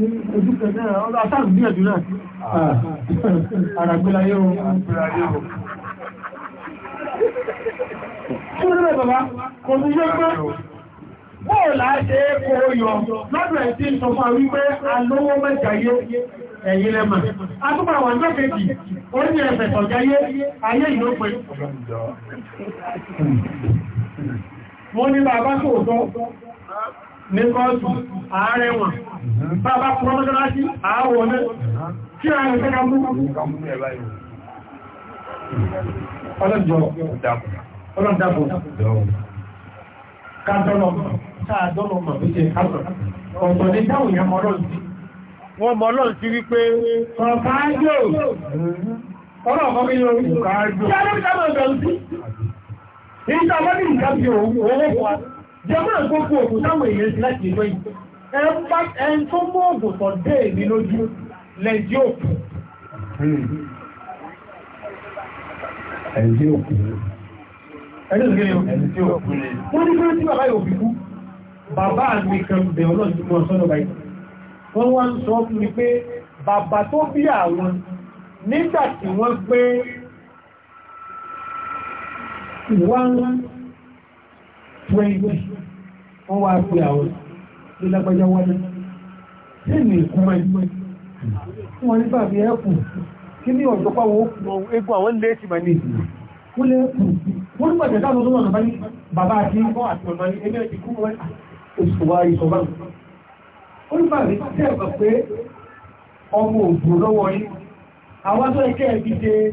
ojú kan náà ọlọ́ àtàrù bí ẹ̀dùn náà ah. o. Kí ló dé bàbá? Kò ní yé pé bóò láṣẹ kó yọ lọ́dọ̀ ẹ̀ tí ń sọ fún wípé alówó mẹ́jàyé A tún bá wọn lọ́kẹ́jì, ó ní ẹ̀fẹ̀ tọ̀jáyé, ayé ìlópin. Mo ní bàbá tó tọ́, ní kọ́ọ̀tù ààrẹ wọn bàbá pọ́mọ́dọ́láṣí àáwọ̀ ọ̀nà kí a rẹ̀ fẹ́ka mú ọlọ́jọ́ ọlọ́dàbọ̀ káàdọ́lọ́mọ̀ káàdọ́lọ́mọ̀ tó ṣe káàdọ̀ ọ̀tọ̀ ní táwọn èèyàn mọ́ lọ́n sí wọ́n mọ́ lọ́n sí wípé ọ̀káájò mhm. ọlọ́ọ̀kọ́ bí yóò rí ọ̀káájò jẹ́mọ́ gbogbo ògùn táwọn èèyàn ti láti ìlú yìí ẹn tó mú ògùn tọ̀ dé èmi lójú lẹ́jí òkú. ẹ̀jí òkú ẹni tí òkú ni. mo ní kí ló tí bàbá yóò fi kú bàbá mi kan bẹ̀ ọlọ́run tí mo sọ́nà báyìí wọ́n wá ń sọ fún mi pé bàbá tó bí àwọn nígbà tí wọ́n pé wọ́n twenty wọ́n wá pé àwọn tó lágbájá wáyé tí ní ìkúnmọ́ ẹgbẹ́ fún wọn nígbà bí ẹ̀kù kí ní ọ̀dọ́ pàwọ́ egun àwọn ilé ti máa ní ìdí wọ́n lè kù wọ́n nígbà tẹ̀ká lọ sọ́wọ́n bá ní bàbá àti ikọ́ àti ọ̀nà ilé ti kú wọn oṣù wa ìṣọ̀ bá wọ́n nígbà rí tẹ̀ pé ọmọ òbò lọ́wọ́ yìí àwọn tó ẹ̀kẹ́ ẹ̀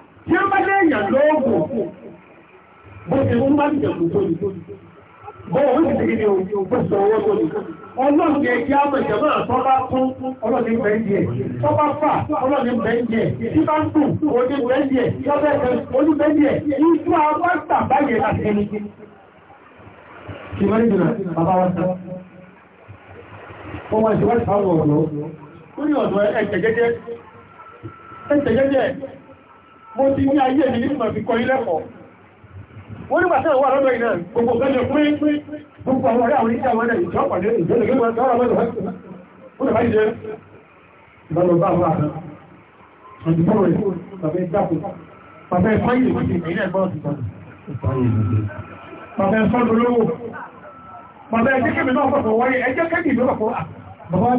tí a bá lẹ́yìn lóògùn bó ṣe Ọmọ ó ní ọ̀dọ̀ mo ti ní ayé mi nígbà fi kọ ilẹ́kọ̀ọ́ wọ́n nígbà tí àwọn àrọ́dọ̀ iná gbogbo gẹ́gẹ́ pé gbogbo àwọn ọ̀rẹ́ àwọn iṣẹ́ àwọn ẹ̀dẹ̀ ìjọ pàdé ìjọ́lẹ̀ gbogbo àwọn ọ̀rọ̀ mẹ́lẹ̀ ó lè báyìí jẹ́ ìbálòbá àwọn àrùn ọ̀dùnmọ́ rẹ̀ bàbá ìjápò bàbá ẹ̀fọ́ yìí ló ti ìpínlẹ̀ gbọ́ ọ̀dùnmọ́ bàbá ẹ̀fọ́ lólówó bàbá ẹ̀jẹ̀ kẹ́mi náà fọ̀fọ̀ wáyé ẹ̀jẹ̀ kẹ́mi ìlú ọ̀fọ̀ bàbá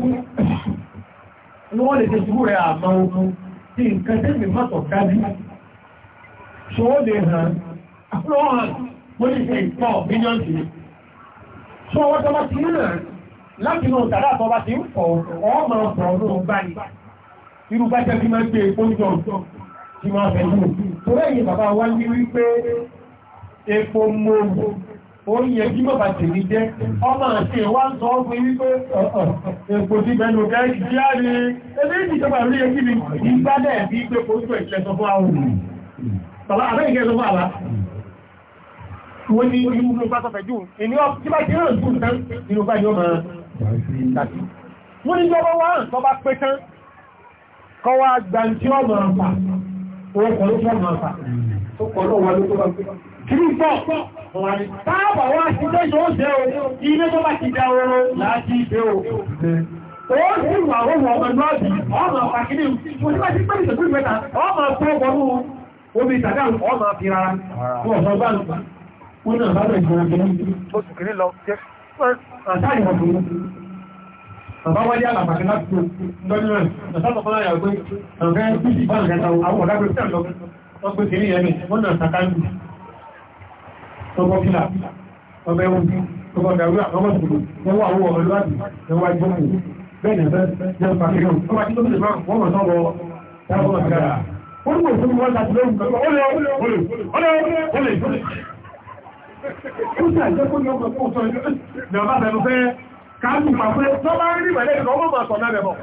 ní wọ́n lè ṣe sùúrù rẹ̀ àmọ́ ogun bí nǹkan tẹ́lẹ̀ mọ́tọ̀ kájú ṣò ó lè hàn àfúrọ́hàn mo lè ṣe ìpọ̀ mílíọ̀nù ṣò wọ́n tọ́ bá ti rìn láti inú tàrà àtọ́ bá ti ń fọ̀ ọmọ ọ̀pọ̀ ọdún bá ní irú bá jẹ́ bí máa ń gbé epo jọ tí wọ́n fẹ́ lù tó lẹ́yìn bàbá wa ní wípé oúnjẹ jí mọ̀ bàtẹ̀ ní jẹ́ ọmọ àti ìwá sọ ọgbọ̀n wípé ẹ̀pọ̀ sí bẹnu gẹ́ẹ̀kì a rí ẹgbẹ́ ìjọba rí ẹgbẹ́ ìbí ìgbádẹ̀ bí pé kò tó ẹ̀kẹ́ sọ fún àwọn òun bàbá àbẹ́ ìkẹ́ sọ fún àlá wọ́n ní inú ló bá sọfẹ̀ jù ìní ọ tí bá ti rán jù tán inú bá yóò máa tàbí wọ́n ní jọba wá hàn tó bá pé tán kọ́ wá gbàǹtí ọmọ ọ̀pá owó kọ̀ ló fọ́ ọmọ Táàbà wá sí tẹ́jọ ó jẹ́ o, ilé tó bá ti dá oró láti ìfẹ́ o. Ó sì wà ohun ọmọ lọ́bì, ọmọ pàkínì, mo ní bá ti pẹ́ ìṣẹ̀kú ìmẹ́ta, ọmọ tó bọ́nú omi ìtàdá ọmọ fi rárá. Wọ́n sọ bá wọn náà bá bẹ̀ ìṣòro kìíní. Oṣù kìíní lọ, jẹ́ àtàrí ọ̀gbìn. Bàbá wáyé àlàbàkẹ́ láti tó lọ́dún rẹ̀, ìṣàtọ̀ fọ́nà ìyàgbé, ọ̀gá ẹgbẹ́ ìbánu kẹta, àwọn ọ̀dá tọ́gbọ́ fílà tọ́gbọ́ ẹ̀wù tọ́gbọ́ gàrúrà tọ́gbọ́ sùkùlù lọ́wọ́ àwọ̀ ọ̀lọ́dún lọ́wọ́ àjọpọ̀ bẹ́ẹ̀ ni ẹ̀fẹ́ jẹ́ pàkíyàn tọ́gbà tí tó ti máa wọ́n mọ̀ sọ́wọ́ táwọn ọ̀gára wọ́n mọ̀ fún wọn láti lóhùn kọ́kọ́ ó lè ó lè ó lè ó lè ó lè ó lè ó sì àjẹ́ kó ní ọmọ fún ọ̀sán ìjọ ní ọba bẹ̀rù fẹ́ káàkù máa fẹ́ tọ́bá rí ìwẹ̀lẹ́ ìrọ̀ ọmọ àtọ̀ náà bẹ̀bọ̀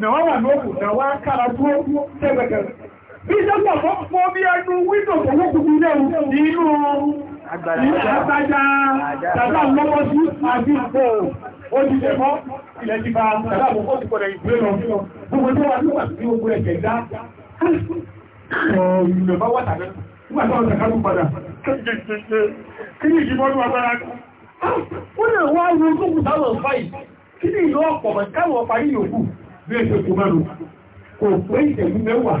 ní wọ́n wà lóòkù ní wọ́n kára dúró tẹ́gbẹ̀kẹ̀rẹ̀ bí ìjọba fọ́ bí ẹnu wíńdò tó wó kúkú ilé ìlú ilẹ̀ àgbàjá tàbí àlọ́wọ́ sí àbí ìpò òdìdé mọ́ ilẹ̀ ti bá tàbí àbúkọ́ ti pọ̀lẹ̀ ìgbé lọ kí ni ìlú ọ̀pọ̀ mọ̀ káwọn parí yòókù bí ẹ̀ṣẹ̀ kò mẹ́nu kò pé ìṣẹ̀lú mẹ́wàá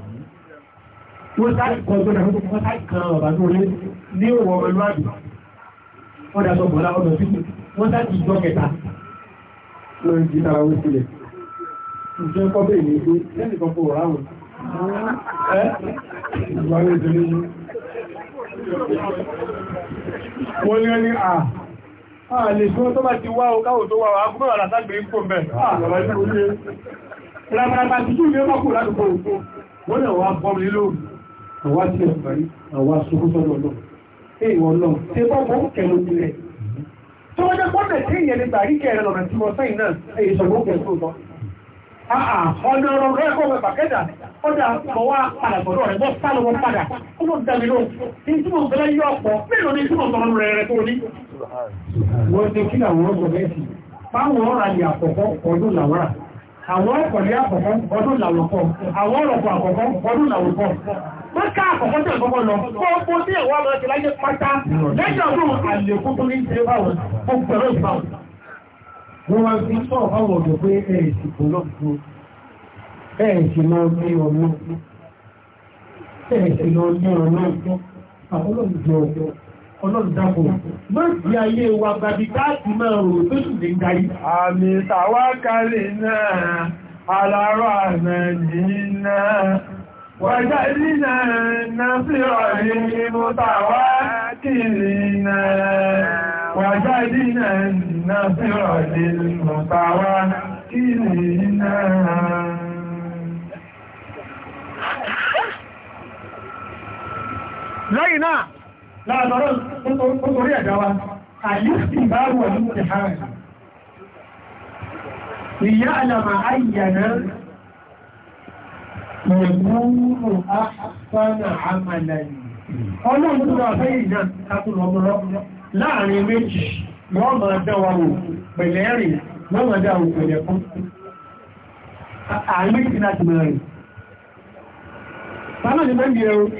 tí wọ́n sáré kọ gbọ́dọ̀ fún wọn sáré kan ọ̀bà ní orí ní òwò ọmọ ìlú àdùn wọ́n dà sọ bọ̀lá ọ̀dọ̀ sí wọ́n sáré ìjọ kẹta lórí ti tara wọn sílẹ̀ ìjọ kọ́ bẹ́ẹ̀ ní pé lẹ́nu kan fò ráhùn wọ́n ní ẹni à ààlè tí wọ́n tó bá ti wá o káwò tó wà wá gúnmọ̀ àlàságbé ń pò wọ́n náà wá bọ́m nílò àwa sí ọ̀gbàrí àwa sọ́kú sọ́dọ̀ lọ èèwọ̀ lọ ṣe bọ́bọ̀ kẹlò nílẹ̀ tó wọ́n jẹ́ pọ́nà tí èèyàn lè gbàrí kẹrẹ lọ́nà tí wọ́n sẹ́yìn náà èyí sọ̀rọ̀ kẹrẹ tó lọ. ọ̀nà ọ̀rọ̀ rẹ̀ kọ́ wẹ̀ pàkẹ́dà ọ̀dà mọ̀ wá padà sọ̀rọ̀ rẹ̀ bọ́ sálọ wọn padà ó mọ̀ dàbí lọ ní tí wọ́n fẹ́lẹ́ yọ ọ̀pọ̀ mélòó ni tí wọ́n sọ̀rọ̀ rẹ̀ rẹ̀ tó ní. wọ́n ti kí làwọn ọkọ̀ bẹ́ẹ̀ sì báwọn ọ̀rọ̀ àyè àkọ́kọ́ ọdún làwọn àwọn ọkọ̀ ní àkọ́kọ́ ọdún làwọn kọ́ àwọn ọ̀rọ̀ àkọ́kọ́ ọdún làwọn kọ́ mọ́ká àkọ́kọ́ tẹ̀ kọ́kọ́ lọ kó tí ẹ̀wọ́ lọ ti láyé pátá lẹ́jọ́ ọdún àlékún tó ní ṣe báwọn ó pẹ̀lú ìbáwọn. wọ́n wá sí sọ̀rọ̀ báwọn ọ̀dọ̀ pé ẹ̀ kò lọ ní ọ̀nà lọ ní ọ̀nà àkọlọ́dọ̀ ọlọ́dàbò ayé wa gbàbí káàkiri máa rò tó sì lè darí. àmì tàwákàlì náà alárò àmì nìyí náà وجعلنا نصيرهم متواكلين وجعلنا نصيرهم متواكلين لينا لا ترى انظر يا جوان هل يختم باب والامتحان ليعلم اي نفس Yẹ̀kúrò àpánà àmàlà yìí. Ọlọ́run tó wà fẹ́ ìdá takùnlọ ọmọrọ láàrin méjì wọ́n máa dáwà wò pẹ̀lẹ́ rìn wọ́n máa dáwà pẹ̀lẹ́ fún. Àárín méjì láti máa rìn. Tánà ni mẹ́bí ẹ̀rọ ní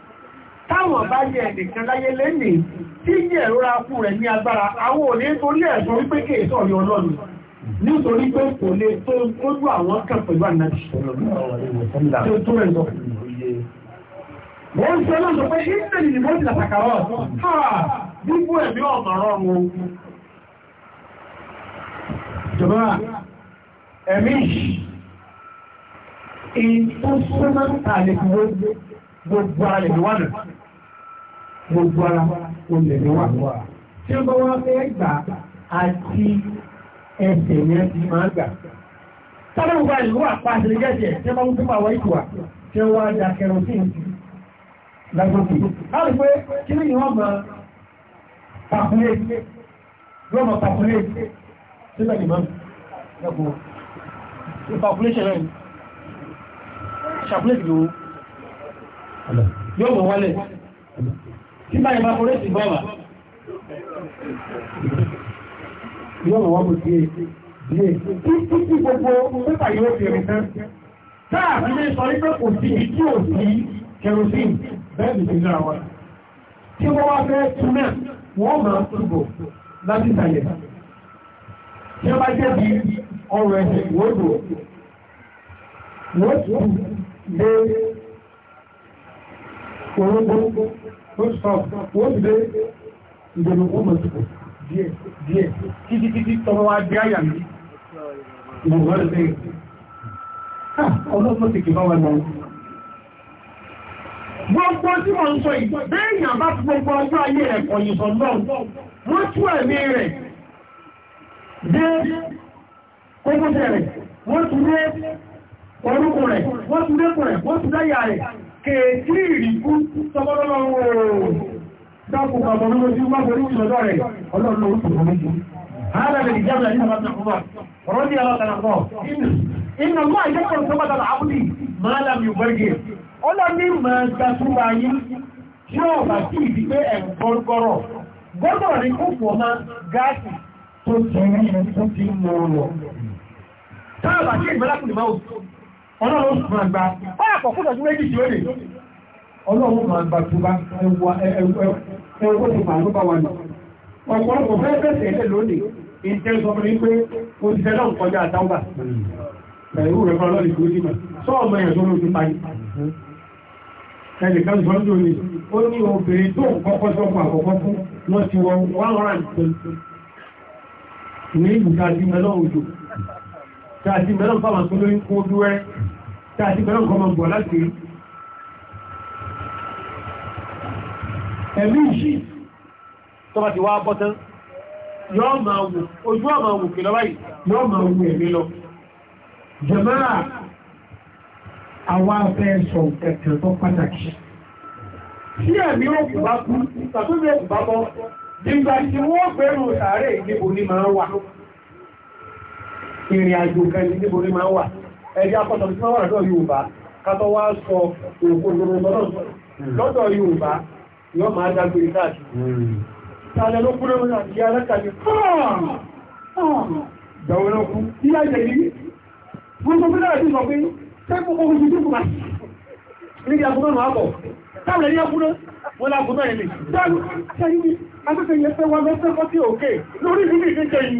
táwọn bá yẹ ẹnìkan láyé lẹ́nìí tí yẹ ìrora kú rẹ̀ ní agbára àwọn òní torí ẹ̀sùn wípé kéèsọ̀ ọ̀yọ́ ọlọ́run nítorí pé kò lè tó kójú àwọn kan pẹ̀lú wọ́n gbogbo ara olè ní wà. tí wọ́n bá wá fẹ́ gbà àti ẹsẹ̀ yẹn ti máa gbà. sábà gbogbo àìlú wà pa àṣírí jẹ́jẹ́ tí wọ́n bá mú pípa wá ìkùwà tí wọ́n wá da kẹrọsìn lágbókè. a lè pé kí ni wọ́n máa pàkúlé wọ́n máa pàkúlé síbẹ̀ ni máa lọ́pọ̀ ìpàkúléṣẹ̀ rẹ̀ ṣàkúlé ìlú yóò mọ̀ wálẹ̀ tí máa yẹ máa kọrẹ́ sí bàbà yóò wọ́n mú díẹ̀ díẹ̀ tí tí gbogbo pépà yóò fi rí tán táà fi lè sọ wípé kò sí ibi tí ò sí kerosene bẹ́ẹ̀ bí sílẹ̀ àwọn tí wọ́n wá fẹ́ tú wọ́n máa túbọ̀ láti sàlẹ̀ tí wọ́n bá jẹ́ bí ọrọ̀ ẹ̀sẹ̀ wọ́n first half wọ́n ti dé ìdènà wọ́n mọ̀ sípò díẹ̀ díẹ̀ títí títí tọmọ wa dé àyà mi ìwọ̀n rẹ̀ lẹ́yìn ọlọ́pọ̀ ti kì bá wa lọ gbogbo tí wọ́n ń sọ yìí bẹ́ẹ̀yàn bá ti gbogbo ọjọ́ ayé rẹ̀ kọ̀yìn sọ náà wọ́n tú ẹ̀mí rẹ̀ dé kókósẹ̀ rẹ̀ wọ́n tún dé orúkọ rẹ̀ wọ́n tún dé kọ̀ rẹ̀ wọ́n tún dé yà rẹ̀ kèèkì ìrìkú sọmọ́lọ́wọ́ dákùn bàbá ló lójú wá pẹ̀lú ìṣọ́dọ̀ rẹ̀ ọlọ́run ló tún lójú. هذا الذي جاب لنا ابن عمر رضي الله عنه إن الله يذكر ثبت العبد ما لم يبرجر ọlọ́ni máa gbàtúwà yìí tí ó bá sí ìdí pé ẹ̀ gbọ́gbọ́rọ̀ gbọ́gbọ́ ní kòkò ọmọ gáàsì tó ti rí ẹ̀kú ti mọ̀ ọ̀rọ̀ táàbà sí ìgbẹ́lápùlù máa ọlọ́run fún àgbà ọ̀rọ̀ àkọ́kọ́ tọ́jú méjì tí ó lè ọlọ́run fún àgbà tó bá ẹwọ́ tó máa ló bá wà ní ọ̀pọ̀lọpọ̀ fẹ́ bẹ̀sẹ̀ ẹ̀lẹ́ lónìí ìtẹ́ sọ fún ní pé ó ti tẹ́lọ́ kọjá àtàwà pẹ̀lú rẹ̀ fún ọlọ́rin tó dìmọ̀ sọ ọmọ èèyàn tó ló ti parí ẹnìkan sọ ló ní ó ní obìnrin tó kọ́kọ́ sọ́kọ̀ àkọ́kọ́ fún wọ́n ti wọ 120 ní ìbùkà sí mẹ́lọ́ òjò tààtì mẹ́lọ́n fáwọn tó lórí kún ojú wẹ́rẹ́ tààtì mẹ́lọ́n kọ́ máa láti ẹ̀mí ti wá bọ́tán yóò máa wù ojú ọmọ wù kí lọ báyìí wù ẹ̀mí lọ àwọn afẹ́ sọ tó pàtàkì sí ẹ̀mí bá kú tàbí bá bọ́ nígbà tí wọ́n gbẹ̀rù sàárè ìdíbò ní wà ìrìn àjò kan ní níbo ní máa wà ẹjẹ́ akọ́tọ̀ tí wọ́n wà lọ́dọ̀ Yorùbá kátọ́ wá sọ òkòdòrò lọ́dọ̀ Yorùbá yọ́ hmm. máa dágbé káàkiri hmm. tààlẹ̀ ló kúrò ní àti alákàlẹ̀ dáwọ́lọ́kú ilá jẹ̀ yìí wọ́n tó bílá àti sọ pé tẹ́kù kó kúrò dúkù máa níbi àkúrò náà bọ̀ tààlẹ̀ ní àkúrò wọ́n lákúrò ẹ̀mí dáàlù akẹ́kẹ́ yẹ fẹ́ wọ́n mẹ́fẹ́ fọ́tí òkè lórí ìlú ìdíjẹ yìí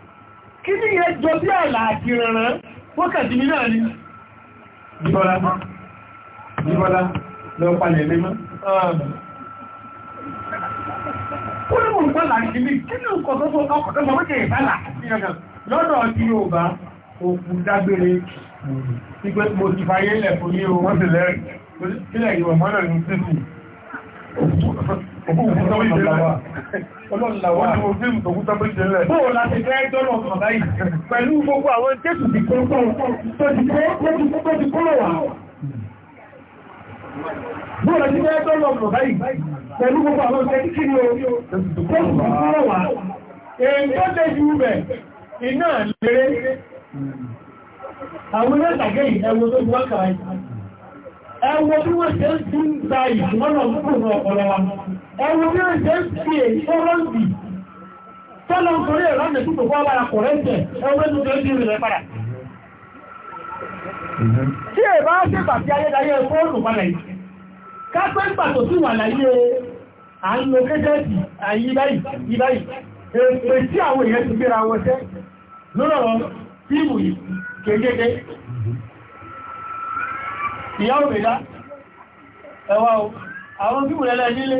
kí ní yẹ jọ bí àlà àti rẹ̀rẹ̀ wọ́kàtí mi náà ni bíbọ́lá bíbọ́lá lọ palẹ̀ mímọ́ ó ní mọ̀ nípa láti mi kí ní nǹkan tó tó ọkọ̀tọ́ mọ̀ méjì ìbálà lọ́dọ̀ tí yóò bá òkú dágbére pípẹ́ mo ti fayé lẹ̀ fún ní o wọ́n sì lẹ́rìn Bóò láti fẹ́ dọ́nà ọ̀sán báyìí pẹ̀lú gbogbo àwọn tẹ́sù ti kó kúrò wà. Bóò láti fẹ́ dọ́nà ọ̀sán báyìí pẹ̀lú gbogbo àwọn tẹ́sù ti kúrò wà. Èyí tó jẹ́ ju rẹ̀ iná léré. Àwọn ilé ìtàgé ìẹwọ tó wá kàáyì. wọ́n ṣe ń tún gba ìṣúná náà fún ọ̀pọ̀lọpọ̀ ẹwọ ní ẹ̀jẹ̀ ń fi èyí fọ́rọ́ǹdì tọ́lọ nítorí ẹ̀rọ ní tó kọ́ lára kọ̀rẹ́ǹtẹ̀ ẹwọ ní tó dí rẹ̀ padà tí ẹ bá ṣe bàtí ayédáyé fóònù padà yìí kápẹ́ ń pàtó sí wà láyé à ń lo kéjẹ́ẹ̀tì àyí báyìí báyìí èpè tí àwọn èèyàn ti gbéra wọn jẹ́ lọ́rọ̀ fíìmù yìí kéjẹ́jẹ́ ìyá òmìnira ẹwà àwọn fíìmù lẹ́lẹ́ nílé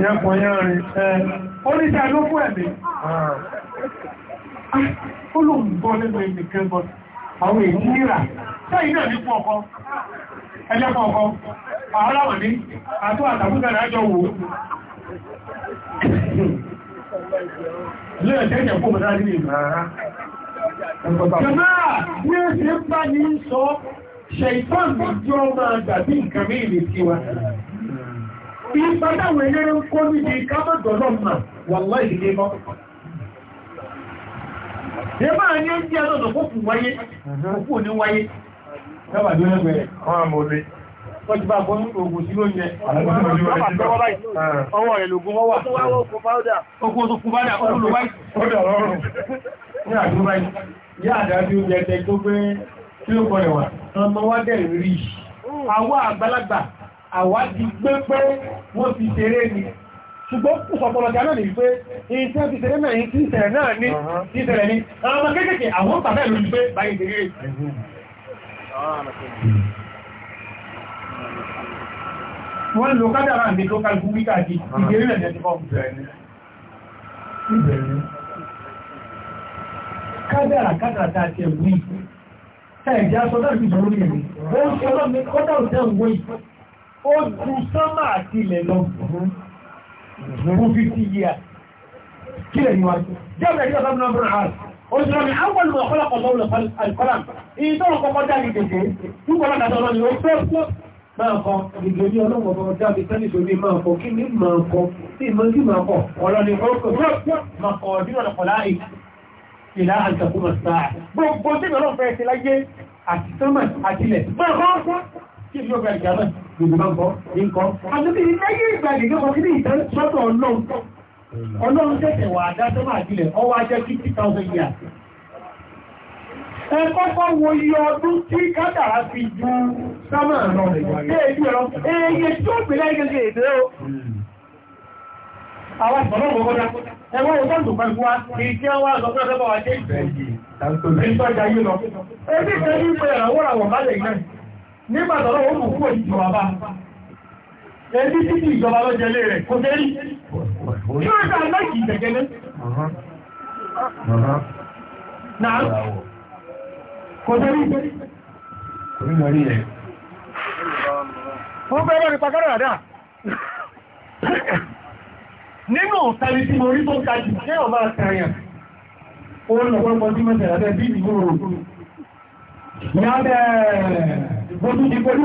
Yẹ́pọ̀nyẹ́rin ẹ́ oníṣẹ́ ló fún ẹ̀mí. Ah. Ó lò ń bọ́ nínú ìnìkan bọ́, àwọn èyí níra. Ṣé iná ní fún ọkọ? Ẹjẹ́ fún ọkọ, àwọn àwọn ní, àtú àtàkùnkẹ̀rẹ̀ àjọ wò. Ilé ẹ̀jẹ́ ìjẹ̀ fún ọmọdé ní ìgbà rárá. Jọmáà, ní ó ṣe ń bá ní sọ, ṣe ìtọ́ ipa táwọn eléré ń kó níbi kámọ́dọ̀lọ́ mà wàlá ìdílé mọ́ ẹ máa ní ẹjí alọ́dọ̀ fókù wáyé fókù ní wáyé dábà ló lẹ́gbẹ̀ẹ́ wọ́n àmọ́ olè tọ́jú bá bọ́ ogun sí lóúnjẹ ọwọ́ rẹ̀ lògùn wọ́wà okùn fáwọ́dà okùn fáwọ́dà okùn lò wáyé ọdọ̀ ọ̀rọ̀ ní àdúrà yá àdájú ẹ̀ẹ́dẹ́ tó gbé tí ó kọrẹ̀ wà ọmọ wá dẹ̀ rí àwọ́ àgbàlagbà àwádìí gbé pé wọ́n fi ṣeré ni ṣùgbọ́n ìṣọ̀pọ̀lọ̀dá náà ni pé iṣẹ́ ti ṣeré náà yìí tí ìṣẹ̀rẹ̀ náà ní ìṣẹ̀rẹ̀ ní àwọn ọmọ kéékèèké àwọn bàbá ìlú gbé báyìí ṣeré wọ́n lo kádàrà ní tó kálùkù wíkà jí ìgbèrè rẹ̀ jẹ́ Kádàrà kádàrà tàà ti ẹ̀wú ìfẹ́. Ẹ̀jẹ́ aṣọ́dá ìfìdó lórí ẹ̀mí. Ó ń ṣe ọlọ́mí kọ́dà òjẹ́ ìwé ìfẹ́ ó ju sánmà àti ilẹ̀ lọ mhm. fún fífí yíà kí lè yíwá jẹ́bẹ̀rẹ̀ yíwá sábà náà rà òṣìṣẹ́ mi àwọn olùmọ̀kọ́lọ́kọ̀ lọ́wọ́ alìkọ́lá ìyí tó kọ́kọ́ jáde gègé túbọ̀ látàtọ̀ lọ́nà ó fẹ́ fún máa kọ gègé ní ọlọ́wọ́ ọmọ jáde tẹ́lẹ̀ tó ní máa kọ kí ní máa kọ sí ìmọ̀ sí máa kọ ọ̀rọ̀ ni ó kọ̀ máa kọ̀ ọdún ọ̀nà sáà gbogbo tí ìrọ̀lọ́fẹ́ ti láyé àti sánmà àtilẹ̀ máa kọ́ kí ìlú ọgbà ìjà náà gbogbo máa ń kọ́ ní kọ́. àtúntì lẹ́yìn ìgbà ìgbẹ́kọ̀ sí ní ìtẹ́ sọ́tọ̀ ọlọ́run ọlọ́run tẹ̀sẹ̀ wà dá tó máa jílẹ̀ ọwọ́ ajẹ́ fifty thousand years. ẹ kọ́kọ́ wo iye ọdún tí kádàrá fi ju sámà lọ èyí ẹ̀rọ èyí tí ó gbé lẹ́yìn gẹ́gẹ́ èdè o. àwọn ìfọ̀nà ọmọ ọgọ́dá ẹwọ́n ọgbọ́n tó pẹ̀lú wa kì í kí wọ́n wá sọ pé ọjọ́ bá wa jẹ́ ìfẹ́ yìí. èyí tó jayé lọ nígbà tọ́lọ́ ó mú kúrò ìjọba bá ẹni tí kí ìjọba lọ jẹlé rẹ̀ kò fẹ́ rí kí ó dá lẹ́kì ìjẹgẹ́lẹ́ náà kò fẹ́ rí ó bẹ́rẹ̀ nípa kọ́rọ̀ àdá nínú ọ̀tàrí tí mo rí tó kájú ṣé ọba àtàyàn ó lọ́pọ̀lọpọ̀ tí mẹ́sẹ̀ lábẹ́ bí ìgbòrò ní abẹ́ẹ̀ẹ́ mo tún ti pẹ̀lú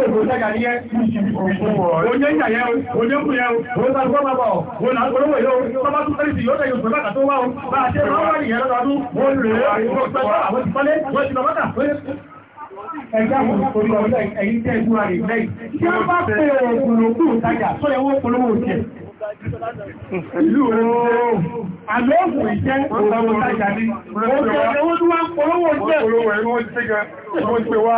ògbò sẹ́gà ní ẹ́ oúnjẹ ìyàyẹ́ oúnjẹ ń pìyẹ́ oúnjẹ sàrúkọ́ bàbọ̀ wọn náà gbọ́nà wòye ó bá tún tẹ́lẹ̀ sí yóò tẹ́yọ̀ pẹ̀lú Ẹgbẹ́ àwọn olùkọ́ ọ̀dọ́ ẹ̀yìn tẹ́ ìgbúra rẹ̀ lẹ́yìn. Tí wọ́n bá pè òògùn lòkú ìtajà tó yẹ wọ́n polówó Ìlú ooo, àmì òògùn ìjẹ́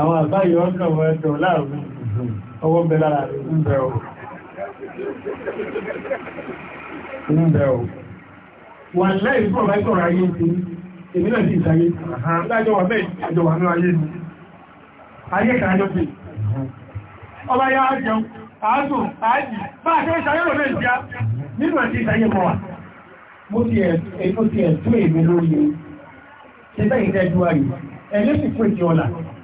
àwọn àbáyọ̀ ọ̀nà ẹ̀tọ̀ láàrin ọwọ́ ń bẹ lára rẹ̀ ń bẹ ọ̀ ń bẹ ọ̀ wà láì fún ọ̀bá ìtọ̀rọ̀ ayé ti èmi náà sì ìsáyé lájọ́ wà bẹ́ẹ̀ àjọ wà ní ayé ni ayé kàájọ́ sí ọba yá jẹun àádùn àájì bá àjọ ìsáyé rò lè jẹ́ nínú ẹ̀sí ìsáyé mọ́ wa mo ti ẹ̀tọ́ ti ẹ̀tọ́ èmi lórí ṣe bẹ́ẹ̀ ìdẹ́jú ayé ẹ̀lẹ́sìn fún ìjọ ọ̀la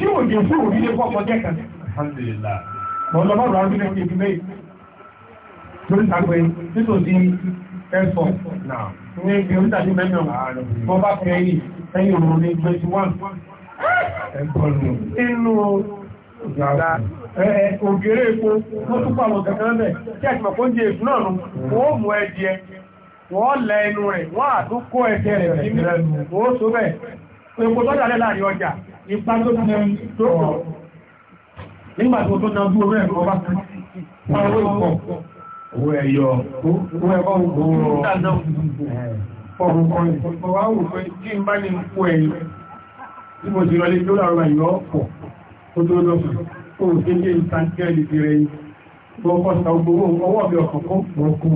tí ò yẹ fún òbí lé fọ́kọ jẹ́ kan. ọlọ́mọ rà ọdún ẹgbẹ́ ìbí mẹ́yì lórí sàgbé nítòsí ẹ̀fọ́ ní ibi oríṣàdí mẹ́mọ̀ bọ́ bá fẹ́ yìí ẹ̀yìn òun ní twenty one. inú ògèrè epo tó túpọ̀ àwọn kankan mẹ́ tí a ti mọ̀ fóúnjẹ èkú náà nù wọ́n mú ẹ̀jẹ̀ wọ́n lẹ inú rẹ̀ wọ́n àtúnkó ẹ̀jẹ̀ rẹ̀ sí mi wọ́n so bẹ́ẹ̀ epo tọ́jà lẹ́ láàrin ọjà ipa tó ti ẹni tó pọ̀ nígbà tó tó na ojú orí ẹ̀kọ́ bá fún owó ìpọ̀ owó ẹ̀yọ owó ẹ̀kọ́ gbogbo ọ̀rọ̀ ọ̀rọ̀ wá wò pé tí n bá ní pọ̀ ẹ̀yọ tí mo ti rọlé tó láàrọ̀ ìyọ́ pọ̀ tó tó lọ fún kó o ṣe jẹ́ ìtàkẹ́lì ti rẹ̀ tó kọ́ sa gbogbo ọwọ́ mi ọ̀kọ̀ kó pọ̀ kú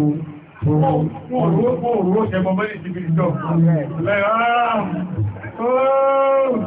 Òrùwó ṣẹ̀mọ̀ mẹ́rin ti fi ìjọ. Lẹ́yìn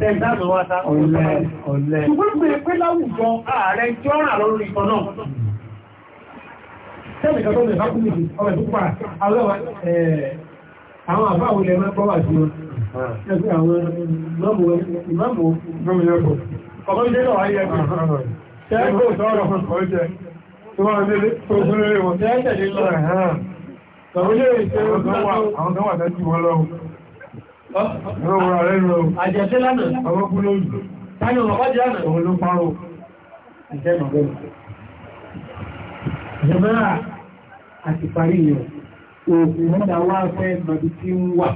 tẹ́ẹ̀dánù wá ta ọ̀lẹ́ ọ̀lẹ́ ṣùgbọ́n pé pé láwùjọ ààrẹ jọ́ rà lórí ìtọ́ náà tẹ́ẹ̀dẹ̀kọ́ tó lè bá kúrò ọmọ ìfúnpá àwọn àbá àwọn ilẹ̀ mẹ́kọ́ wà sí ẹgbẹ́ àwọn ìmọ̀mù gómìnàkọ̀ ọmọ ìdé náà wáyé ẹgbẹ́ tẹ́ẹ̀kọ́ sọ́rọ̀ fún ọjẹ́ tó wà nílé tó gúnlé wọn tẹ́ẹ̀kẹ́ Ọ̀rọ̀ rẹ̀ rọ̀. Àjẹ̀ṣẹ́ lánàá. Ọwọ́ kú lóòrùn. Táyọ̀ ọ̀pá jẹ́ ànà. Òun ló parọ́. Ìjẹ́ màbẹ́rẹ̀. Jẹ̀mẹ́rà àti parí yẹn. Òògùn mọ́ta wá fẹ́ mọ̀bí tí ń wà.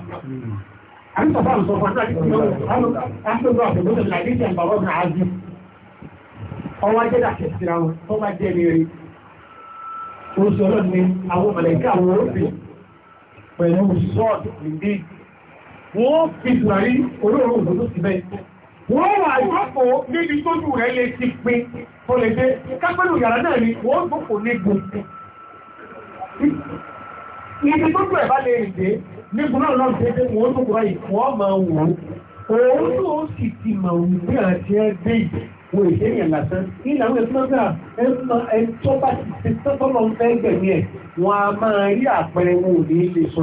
Àrísọ̀fà ń sọ fún àtàkì tí ó ń lọ àfẹ́gbọ́dọ̀ làdíjà bàbá ọ̀nà àájú. Ọwọ́ ajẹ́ dàkẹ̀ síra wọn, tó bá jẹ́ ní rí. Oṣù ọlọ́dún ni àwọn mọ̀lẹ́kẹ́ àwọn orúfin pẹ̀lú sọ́ọ̀dù ìdí wọ́n fi tùràrí olóòrùn òdòdó sí bẹ́ wọ́n wà ìjọ́pọ̀ níbi tó jù rẹ̀ lè ti pin tó lè dé kápẹ́lú yàrá náà ni wọ́n tó kò ní gbogbo ibi tó jù ẹ̀ bá lè rìn dé ní gbogbo náà lọ́nà tẹ́tẹ́ wọ́n tó kúrọ̀ yìí wọ́n máa wò ó òun tó sì ti mọ̀ òun bí àti ẹgbẹ́ yìí wo ìṣẹ́yìn lásán nílànà ìfúnnágbà ẹ̀tọ́ bá ti ṣe tọ́tọ́ lọ́n fẹ́ gbẹ̀mí ẹ̀ wọ́n a máa rí àpẹẹrẹ wọn ò ní lè sọ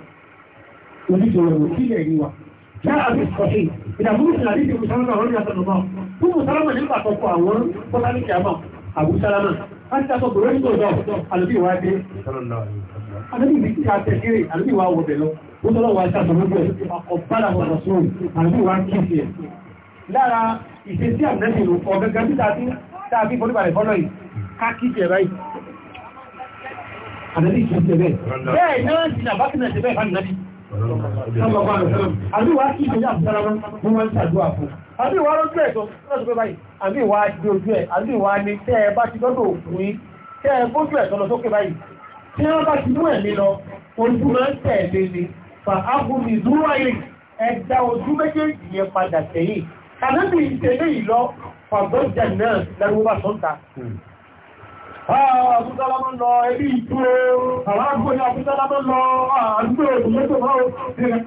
oníṣòwò sílẹ̀ ìwà Jáà àti ìkọ̀ṣe, ìdàmúrú sí àdíjì Mùsàlámà lórí àtọ̀nùmọ́. Fún Mùsàlámà nígbà tọ́kọ àwọn pọ́tálìkì àmọ́, àbúsálámà, láti tàbí ọgbọ̀rọ̀ nígbà ọ̀dọ́, àlùbí ìwà dé. Àlùbí ìbí ti àtẹ̀kiri, àlùbí ìwà wọ̀bẹ̀ lọ. Ó tọ́lọ́ wà ṣàtọ̀mọ́gbẹ̀, ọ̀bára wọ̀ lọ́sùn, àlùbí ìwà ń kí lára ìṣesí àmìlẹ́sìn ìlú ọ̀gẹ́gẹ́ tí tàbí tàbí fọ́lúbàrẹ̀ fọ́lọ́ yìí káàkiri ẹ̀rá yìí àdẹ́lì ìṣẹ́ bẹ́ẹ̀ bẹ́ẹ̀ náà ti nàbákínà ṣe bẹ́ẹ̀ fánìyàn Sọ́lọ́pàá àrùsọ́lọ́. Àbí wàá kí ìgbéyà àbúrà wọn, mo máa ń ṣàdúrà fún. Àbí wàá lọ́jú ẹ̀ tó, lọ́sọ̀ pé báyìí, àbí wàá di ojú ẹ̀, àbí wàá ní tẹ́ ẹ bá ti lọ́dọ̀ òfin yín, tẹ́ ẹ bójú ẹ̀ tọ́lọ sókè báyìí. Tí wọ́n bá ti mú ẹ̀mí lọ, ojú máa ń tẹ̀lé ni. Fà ágùnmí zúwáyé, ẹ dá ojú méjèèjì yẹn padà sẹ́yìn. Kànáàbì ìṣẹ̀lẹ̀ yìí lọ, fàgbọ́jà náà lẹ́rú bá sọ́ta. Àbúsálámọ́ ah, lọ ẹbí ìdúró, àwọn agbóyà Àbúsálámọ́ lọ ah, àdúgbò ìlẹ́tò máa ah, ó ti rẹ̀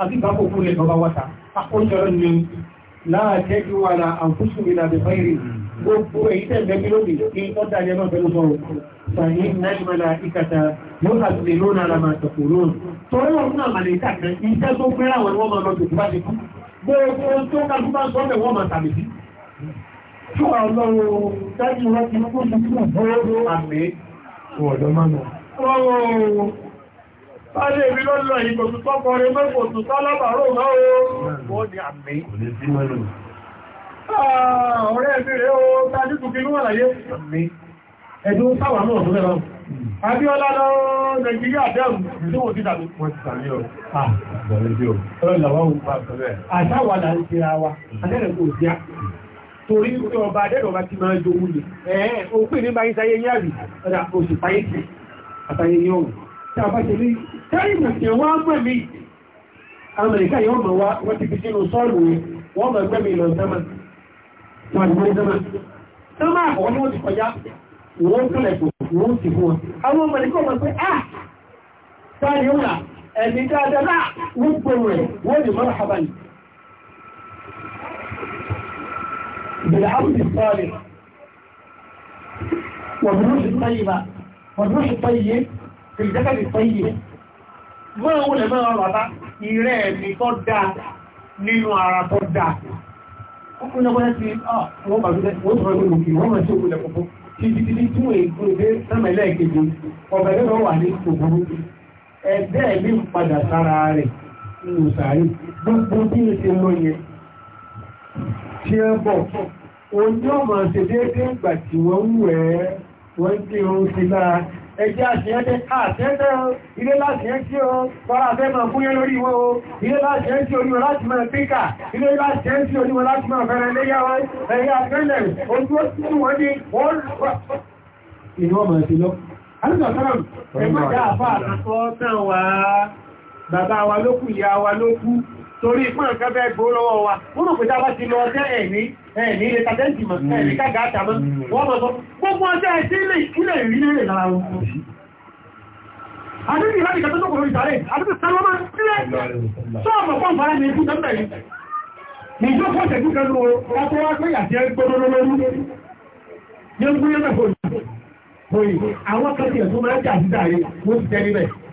àti ìgbàpò fún lè lọ́bá wáta. Àkójọ ni láàjẹ́ kí wà náà àǹkúṣù mi láti fẹ́rì gbogbo èyí tẹ́ẹ̀bẹ̀ kí lóbi kí ó dájẹ́ náà pẹ̀lú sọ́rọ̀. Sàyí náìmọ̀lá ìkàtà yóò láti lè lónà àlàmà àtọ̀kù lónà. Torí wọn fún àmàlẹ̀ ìkàtà, iṣẹ́ tó gbé Ṣúwà ọlọ́run dájú ah, hmm. wọ́n ti kú sí fún ọ̀rọ̀ àmì ọ̀dọ́ mánà. Ọlọ́run, pàdé ìbí lọ́lọ́ ìgbòsù tọ́kọrin mẹ́kòsù tálábàárò náà ó ní àmì. Ọ̀rẹ́ ẹ̀bí rẹ̀ ó dájú tukí ní wọ́n láyé. Ẹ̀dùn sáwà náà tó lẹ́rọ. torí pé ọba adẹ́rọ̀ bá ti máa jò wúlẹ̀ ẹ̀ẹ́ o ní báyí sáyé yàrí ọ̀dà oṣù fáyé sí àtàyé yọ̀wọ̀ tí a bá ṣe ní tẹ́rìmù tí wọ́n mọ̀ mí amẹ́ríkà yóò mọ̀ wá wọ́n ti fi sínú sọ́ọ̀lù wọ́n mọ̀ gbẹ́mí lọ sẹ́mà sẹ́mà wọ́n ti kọjá wọ́n kọ́lẹ̀ بالعبد الصالح والروح الطيبة والروح الطيب في الجسد الطيب ما هو لما رضا يراني قد nínú ara tó dáa ọkùnrin náà wọ́n ti ah, wọ́n bá gbé wọ́n tọrọ lórí òkè wọ́n máa ṣe òkúlẹ̀ kọ̀kọ́ títí tí ẹ bọ̀ oní ọmọ ṣe déédé ìgbà tí wọ́n ń wẹ̀ ẹ́ wọ́n ń gbé ohun sí lára ẹjẹ́ àṣẹ́ẹ́dẹ́ àṣẹ́ẹ́dẹ́ ilé láti ẹ́ tí ó wọ́n fẹ́ máa fún yẹ́ lórí wọn o ilé láti ẹ́ tí oníwọ̀ láti máa píkà ilé láti ẹ́ tí oníwọ̀ láti máa fẹ́rẹ̀ léyà wọn ẹ̀yà tẹ́lẹ̀ ojú ó tí wọ́n ní wọ́n rọ̀ inú ọmọ ẹ̀sìn lọ Bàbá wa ló kú, ìyá wa ló kú, torí ìpínlẹ̀ kẹfẹ́ gbó lọ́wọ́ wa múrù pẹ̀ta bá ti lọ jẹ́ ẹ̀ní ẹ̀ní ilẹ̀ tàbẹ́ntì mọ̀ hmm. ẹ̀ní kága àtàmọ́ hmm. wọ́n mọ̀ sọ gbogbo ọjọ́ ẹ̀tí ilẹ̀ ìpínlẹ̀ ìrìnlẹ̀ rẹ̀ lára wọn adúgbì láti kẹta tó kòrò ìtàrẹ adúgbì sálọ́mọ́ sílẹ̀ sọ́ọ̀mọ̀ pọ́n fara ní ikú tẹ́m̀bẹ̀ yìí ní ìjọ fọ́ ṣẹ̀kú kẹlu ọkọ̀ wá pé àti ẹgbẹ́rún lórí ní ọdún yẹ́mẹ̀ fòyí àwọn kẹsì ẹ̀tún mẹ́ta àti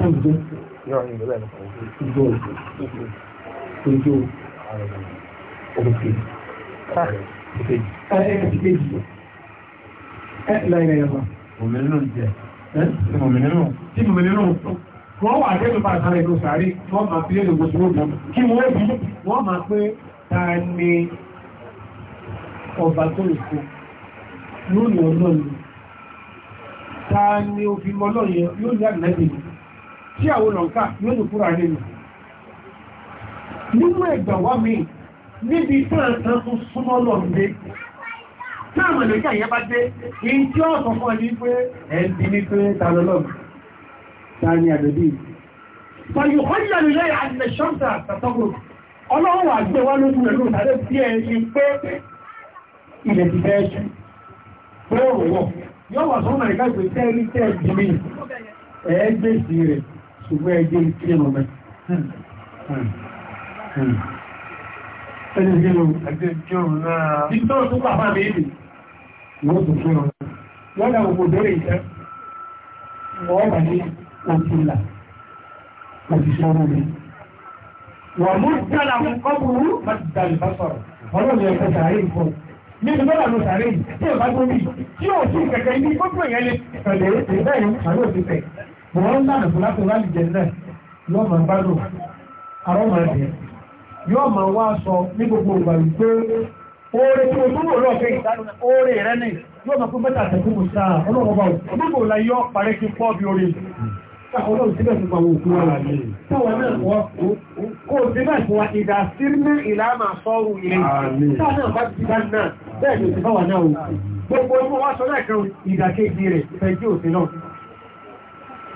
Ojú. Ojú. Òkè. Ẹ̀ẹ́dẹ̀kejì. Ẹ̀ẹ́dẹ̀kejì. Òmìnirò jẹ. Òmìnirò. Tí òmìnirò wọ́n wà tẹ́lú bá sáré ló sáré wọ́n máa fi lè gbogbo kí wọ́n bí wọ́n máa pé ta ni ọba tó lè kó lónìí ọlọ́run ta ni òfin ọlọ́run yóò ní àgbẹ̀lẹ́gbẹ̀ẹ́ tí àwọn lọ́nkà lónìí fúra rẹ̀ nù nínú ẹ̀gbà wá mi níbi tán tún súnmọ́ lọ́ndé náà mọ̀lẹ́kà yẹn bá dé in tí ó sọ fún ẹni pé ẹ̀bí ní pé tàlọ́lọ́gbù tàní àdòdí pàyù kọ́lẹ̀lú lẹ́yìn àdìlẹ̀ ṣọ́mta àtàtọ́gbò ọlọ́run wà gbé wá lójú ẹ̀lú tàbí tí ẹ ṣe pé ilẹ̀ ti fẹ́ ṣe pé òwò yóò wà sọ́mọ̀lẹ́kà ìgbésẹ́ rí tẹ́ẹ̀ ṣùgbọ́n ẹjẹ́ ìkírùn mẹ́ ẹjẹ́ ìkírùn náà ìtọ́rọ̀ tó pàpá mi èdè wọ́n tó kí wọn wọ́n náà gbogbo bẹ̀rẹ̀ ìtẹ́ wọ́n bà ní òkúlà àti ṣọ́rọ̀ mi wọ́n mú dára fún kọ́kùrú láti dàlù bá sọ̀rọ̀ ọlọ́run ẹ̀kọ́ sàárè nǹkan nínú bọ́lá ló sàárè tí ò bá tó bí tí ò sí kẹ̀kẹ́ ibi gbogbo ìyẹn lè tẹ̀lé ìbẹ́ẹ̀ wọ́n ń lànà fúlá tó láì jẹ náà yóò máa bá lò àrọ́mọdé yóò máa wá sọ ní gbogbo ìgbà wípé oore tí o tún wò lọ́ọ̀kẹ́ ìdánù oore rẹ ní yóò máa fún mẹ́ta àtẹ̀kù mú sáà ọlọ́run bá wò gbogbo ìlà yóò parẹ́ kí pọ́ bí oore ọlọ́run síbẹ̀ fún àwọn òkú ara rẹ̀ táwọn náà wọ́n kó síbẹ̀ fún wa ìdá sírínà ìlànà sọ́rù ilé táwọn náà bá ti bá náà bẹ́ẹ̀ ni òsì bá wà náà o gbogbo ọmọ wa sọ náà kan ìdàkejì rẹ̀ fẹ́ jí òsì náà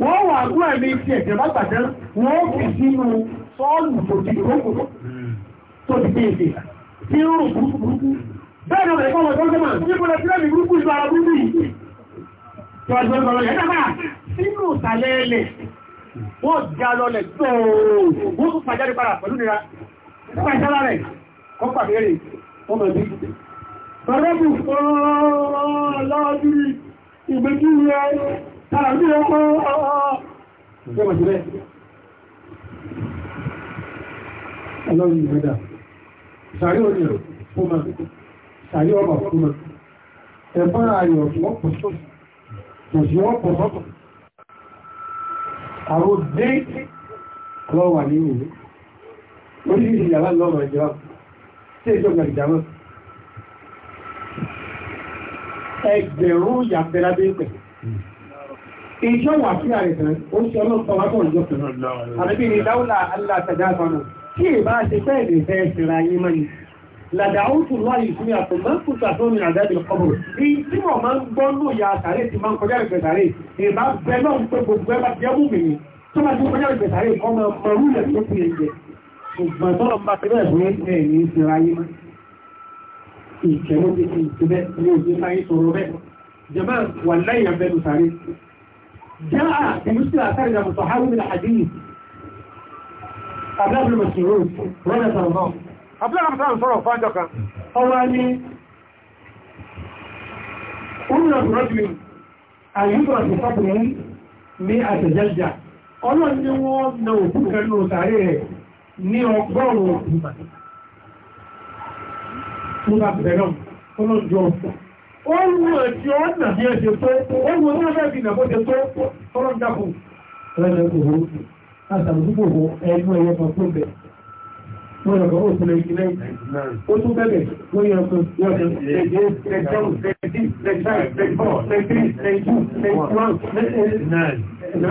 wọ́n wà ní ẹ̀mí tí ẹ̀jẹ̀ bá gbàjẹ́ wọ́n fi sínú sọ́ọ̀lù tó ti kókò tó ti pèsè tí ń rò burúkú bẹ́ẹ̀ náà ẹ̀kọ́ wọn tó jẹ́ máa níbo lọ sílẹ̀ ní burúkú ìlú ara burúkú yìí tó ẹgbẹ́ ọ̀rọ̀ yẹn náà sínú ìsàlẹ̀ ẹlẹ̀ wọ́n já lọlẹ̀ tóòó wọ́n tún fàjáde padà pẹ̀lú Tàrà ní ọmọ ọ̀rọ̀ Ọlọ́run ìrẹ́dà. Sàrí onírin fún ma, sàrí ọmọ fún ma. Ẹ̀fọ́n ayọ̀ ọ̀pọ̀ sọ́tọ̀, kò sí ọ̀pọ̀ sọ́tọ̀. Àwọn dé lọ́wà ní ìwé. Oríṣìí ìyàwó lọ́rọ̀ ìjọba, tí èjọ́ gbàgbàmọ́. Ẹgbẹ̀rún ìyàfẹ́lábẹ́ pẹ̀lú. Iṣẹ́ wà sí àìsàn, ó ṣe ọlọ́pàá wákọ̀ ìjọ kan. Àbíbí ni dáúlà Allah tàjáfánà. Tí ìbá ṣe fẹ́ lè fẹ́ ṣìra yí mọ́ ni. Làdàútù láyé sí àtò máa ń kú sàtọ́ ní àdábì kọ́bùrù. Ìyí tí wọ́n máa ń gbọ́ ní òyà àtàrí ti máa ń kọjá ìfẹ́ sàárè. Ìbá bẹ náà ń pé gbogbo ẹ bá jẹ́ mú mi ni. Tó bá ti kọjá ìfẹ́ kọ́ máa mọ rúlẹ̀ tó fi ẹ̀ ní ìsinra ti ti ìtibẹ́ ní òjì máa sọ̀rọ̀ bẹ́ẹ̀. Jẹ̀má wà láyé àbẹ́nu جاء بمثل أثرنا متحاول من الحديث قبل ابن مسعود ولا الله قبل ابن مسعود صلى الله عليه وسلم أولي قلنا برجل أن يدرس بفضله مئة جلدة ọlọ́run ni wọ́n na òkú kẹlú sàárè rẹ̀ ní ọgọ́rùn-ún òkú. bá bẹ̀rẹ̀ náà, ọlọ́run ọ̀pọ̀. ó wù ẹ̀tí ó nà bí ẹ̀ṣẹ̀ tó ó wù ní ọjọ́ ìbìnà bó ṣe tó tọ́rọ ń dákùn ẹ̀rẹ́ kòrò àtàlùkòkò ẹnu ẹ̀yẹ kan tó bẹ̀ wọ́n yọ̀ kan ó tún lẹ́yìn lẹ́yìn ó tún bẹ̀bẹ̀ wọ́n yọ̀ kan yọ̀ kan lẹ́yìn lẹ́yìn lẹ́yìn lẹ́yìn lẹ́yìn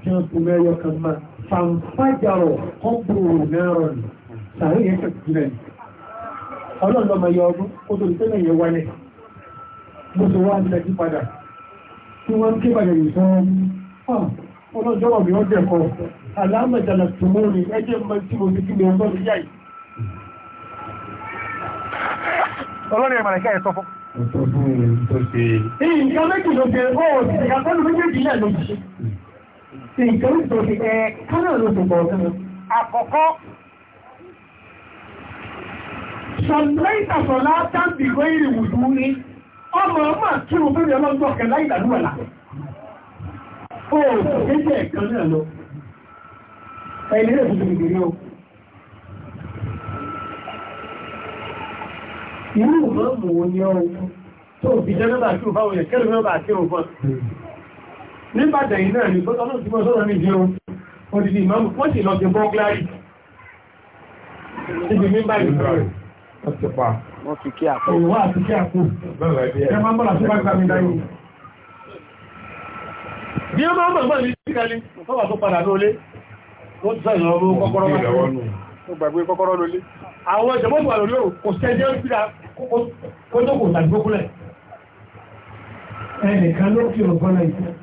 lẹ́yìn lẹ́yìn fàǹfàjàrọ̀ ọ̀bùrù náírà ni sàárè yẹn fẹ̀ jùlẹ̀ ni ọlọ́run lọ́mọ yọ ọdún ó tó ìtẹ́lẹ̀ yẹn wálẹ̀ mo sì wá ìdájí padà tí wọ́n ń ké bàjẹ́ yìí sọ ah, ọlọ́run jọ́wọ́ mi wọ́n dẹ̀kọ́ aláàmẹ̀dàlà tó mọ́ ni ẹjẹ́ mọ́ tí mo fi kí mi ọgbọ́n yá yìí. ọlọ́run ẹ̀mọ̀ràn kí ẹ̀ sọ fún. nǹkan méjì ló ṣe ó ṣe ìtọ́jú tó ṣe ẹ kánà ló ṣe bọ̀ ọ̀kan àkọ́kọ́ sọ̀lẹ́ta sọ̀lá tábì kó ìrìn wùdú ní ọmọ ọmọ kí o bẹ́rẹ̀ ọlọ́gbọ́ kẹ láì dàdúwàlá ó kéjẹ́ ẹ̀kan náà lọ ẹ̀lẹ́ rẹ̀ tuntun ìgbèrè o irú mọ́mù ni ọ tó fi jẹ́ nọ́bà kí o báwọn ẹ̀kẹ́rù mọ́bà kí o fọ́n nígbàtà yìí náà ni tó tọ́lọ́ sí mọ́sọ́rọ̀ ní jẹun odidi ìmọ̀mù wọ́n sì lọ sí bọ́gláì níbi mímbà ìgbàrẹ̀ ọ̀tẹ̀pà wọ́n fi kí àpò wọ́n àti kí àpò ẹ máa mọ́ra sí bàgbà mi dáyé bí ó máa mọ̀ mọ̀ ní síkàlẹ̀ fọ́wà tó padà lólé ó ti sọ̀rọ̀ ọmọ kọ́kọ́rọ́ ó gbàgbé kọ́kọ́rọ́ lólé àwọn ìjọba tó wà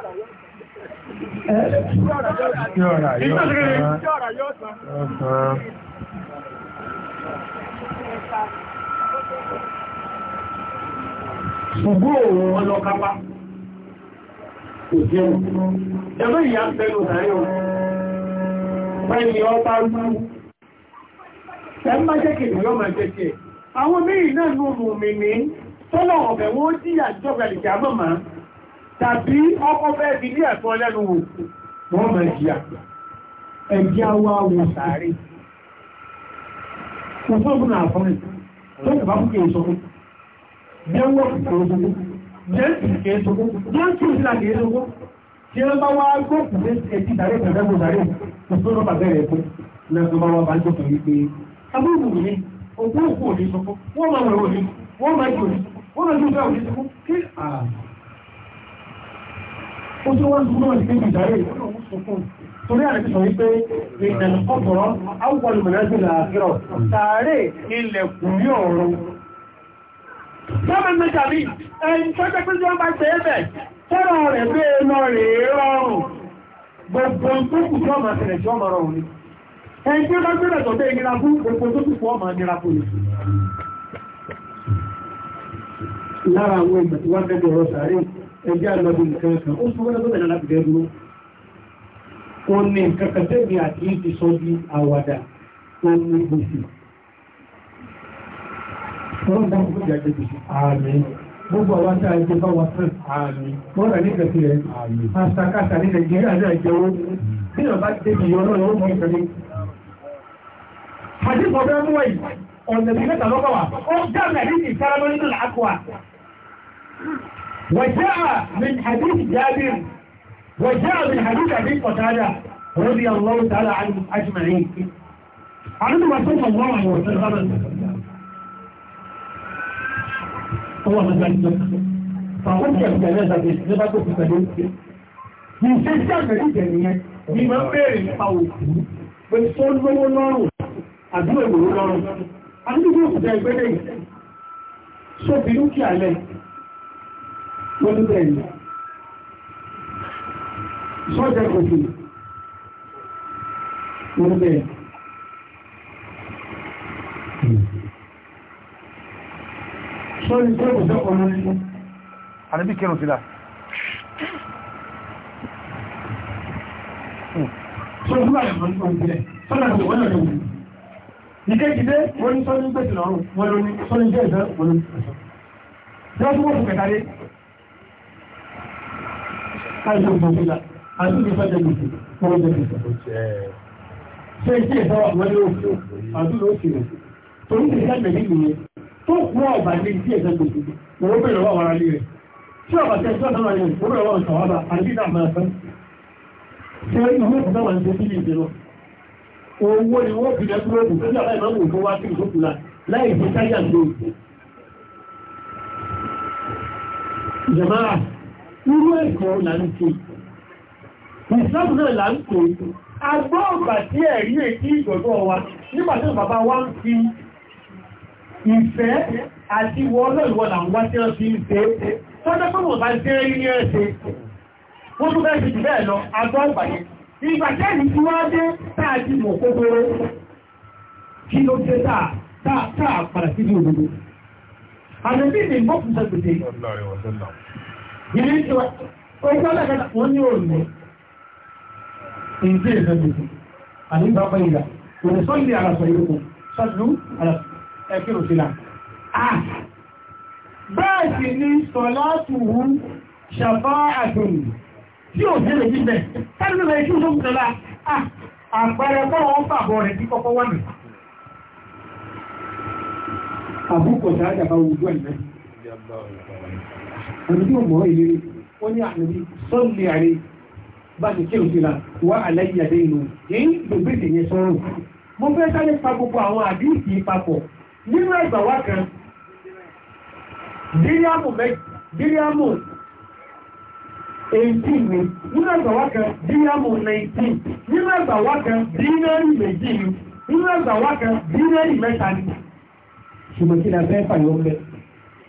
Yọ́ra yọ́ tán. Ṣùgbọ́n òun ọlọ́kápá kò rú. Ẹ má jẹ́ kìí lọ́ máa kìí. Àwọn mí náà mi ní tọ́lọ̀ ọ̀bẹ̀ wọ́n jíyà jọ́gbẹ̀lì tàbí ọkọ̀ bẹ́ẹ̀ bí ní ẹ̀sọ́ lẹ́nu wò wọ́n mọ̀ ìjìyà ẹ̀jẹ̀ wa wò sàárè kò tó fún àfọ́nì tó ìbá fún kìí sọ́kún jẹ́ wọ́n kìí sọ́kún jẹ́ kìí sọ́kún jẹ́ kìí sílá kìí sọ́kún tí ó bá wá gbókù sí ẹ̀tí sàárè pẹ̀lẹ́gbò sàárè kò tó lọ́pàá bẹ̀rẹ̀ ẹ̀kọ́ lẹ́gbọ́n bá wá bá ń jọ́kọ̀ wípé abúrú mi òkú òkú òní sọ́kún wọ́n máa wẹ̀ òní wọ́n máa jù òní wọ́n máa jù òní sọ́kún kí àà ojú wọn dúró ní ìgbésí ìdáyé torí àrẹ sọ wípé ìdẹ̀lù ọ̀tọ̀rọ̀ áwùkọlù mẹ́lẹ́sì làákírọ̀ tààrẹ ilẹ̀ kùrí ọ̀rọ̀ gọ́ọ̀mẹ̀ mẹ́ta mi ẹni tọ́jẹ́ pé tí wọ́n bá ṣe é bẹ̀ tọ́rọ rẹ̀ pé lọ rèé rọrùn gbogbo tó kù tí ọmọ àtẹ̀lẹ̀ tí ọmọ rọrùn ni ẹni tí ó bá gbẹ́rẹ̀ tọ́jẹ́ ìnira fún gbogbo tó kù ọmọ nira fún ni lára àwọn ìgbẹ̀tí wọ́n tẹ́jọ ọ̀rọ̀ sàárè ẹjẹ́ àlọ́dún nǹkan kan ó tún wọ́n lọ́dún láti bẹ́ẹ̀ dúró ó ní nǹkan kan tẹ́mi àti ti sọ di àwàdà ó ní gbèsè wọ́n bá gbogbo ìjà jẹ́ gbèsè ààrẹ gbogbo àwọn tí a jẹ bá wa fẹ́ ààrẹ wọ́n rà ní ìgbàsí rẹ̀ ààrẹ àṣàkáṣà ní Nàìjíríà náà jẹ́ owó tí wọ́n bá débi ọ̀nà ìwọ́n mọ̀ ìfẹ́ Àdìsọ̀ bẹ́ẹ̀ mú wáyìí, ọ̀nà ìgbẹ́ta lọ́kọ̀ wa, ó dá mẹ́rin ìfẹ́ra lórí ìlú àkọ́wà. وجاء من حديث جابر وجاء من حديث أبي قتادة رضي الله تعالى عنهم أجمعين عنه صلى الله عليه وسلم هو مجلسك فأخذ الجنازة بإسلامك في سبيلك من سلسة من الجنية بما بيري فوق بسول مو لارو أدوه مو لارو أدوه مو لارو من مو لارو سوف يوكي عليك wọ́n ní bẹ́ẹ̀ ni sọ́jà kòkè wọ́n ní bẹ́ẹ̀ sọ́jà kòkè sọ́kọ̀ lórí àdébí kẹrù sílá sọ́jà kòkè sọ́jà kòkè wọ́n ní ìkéjìdé wọ́n ní sọ́jà kòkè lọ́rùn wọ́n ní sọ́jà kòkè lọ́rùn àìsàn ìgbòmìnà àti ìfẹ́jẹ̀ gbèsè tó ń jẹ́ gbèsè. ṣé iṣẹ́ ìfọwọ́ àwọn ilé òkè àdúrà òkè rẹ̀ tó ń tẹ̀sẹ̀ mẹ́rin nìyẹn tó kú ọ̀bà ní iṣẹ́ ìfẹ́ gbèsè owó bẹ̀rẹ̀ wà wàrà ní rẹ̀ tí ọ̀bà tẹ̀ tí ọ̀sán wà ní owó bẹ̀rẹ̀ wà wà sàwábà àti náà máa fẹ́. ṣé ìwé ìfúnná wà ní ṣe sílẹ̀ ìṣẹ́ lọ owó ni wọ́n fi lẹ́kúrò kù tó yàrá ìmọ̀mù tó wá sí ìṣókùnlá láì fi táyà irú ẹ̀kọ́ là ń ṣe ìsìláàmù là ń pè agbọ́ ọ̀gbà tí ẹ̀rí ètí ìgbọ̀gbọ́ wa nígbàtí bàbá wa ń fi ìfẹ́ àti wọ ọlọ́ìwọ̀ wá tí wọ́n fi ń ṣe tọ́jọ́ pé wọ́n bá ṣe rí ní ẹ̀ṣẹ́ wọ́n tó bẹ́ẹ̀ ti bẹ́ẹ̀ lọ agbọ́ ọ̀gbà yẹn ìgbà tẹ́ẹ̀rí tí wọ́n dé táà ti mọ̀ kókóró kí ló dé táà táà padà sí ní òdodo àmì bí ní mọ́kùnrin sẹ́gbẹ̀dẹ̀ ilé tí wà ọjọ́ alákàtà wọ́n ní òní ìdí ìfẹ́bìtì àníbà fẹ́yìnlá òní sọ́lẹ̀ àràsọ̀ ìrùkù sọ́lú ẹ̀kìrù sílá bẹ́ẹ̀ sì ni sọ̀látùwú ṣàfá àtùn tí ò sí lèjì bẹ̀ tẹ́lẹ̀ ìjú tó tẹ́lá àpẹẹrẹ bọ́ wọn fàbọ̀ rẹ̀ tí kọ́kọ́ wà nù àbúkọ̀ sáájà bá wùdú ẹ̀mẹ́sì àbíkí ọmọ ìlérí wọ́n ní àmì sọ́ọ̀lì àrí bá ti kí òsìlá wà àlẹ́yàdé inú èyí gbogbo ìyẹn sọ́rùn mo fẹ́ sáré pa gbogbo àwọn àdíìsì papọ̀ nínú ẹgbà wá kan 18 ni nínú ẹgbà wá kan 19 nínú ẹgbà wá kan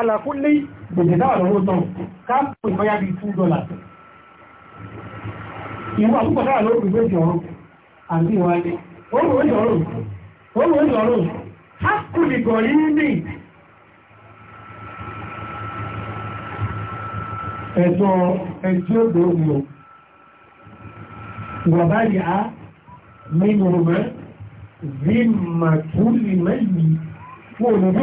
alákúnlé gbèsè náà lọ́wọ́ tán káàpù ìfọ́yá bíi two dollars ìwọ àkókò náà ló rí méjì ọ̀rọ̀ àti ìwà ilé ó rí méjì ọ̀rọ̀ ó rí méjì ọ̀rọ̀ káàpù ìgọ̀rí ní ẹ̀tọ́ ẹjọ́ òdò òmìnira wàbá yà á nínú rẹ̀ rí màtúlì mẹ́yìí fún òun ní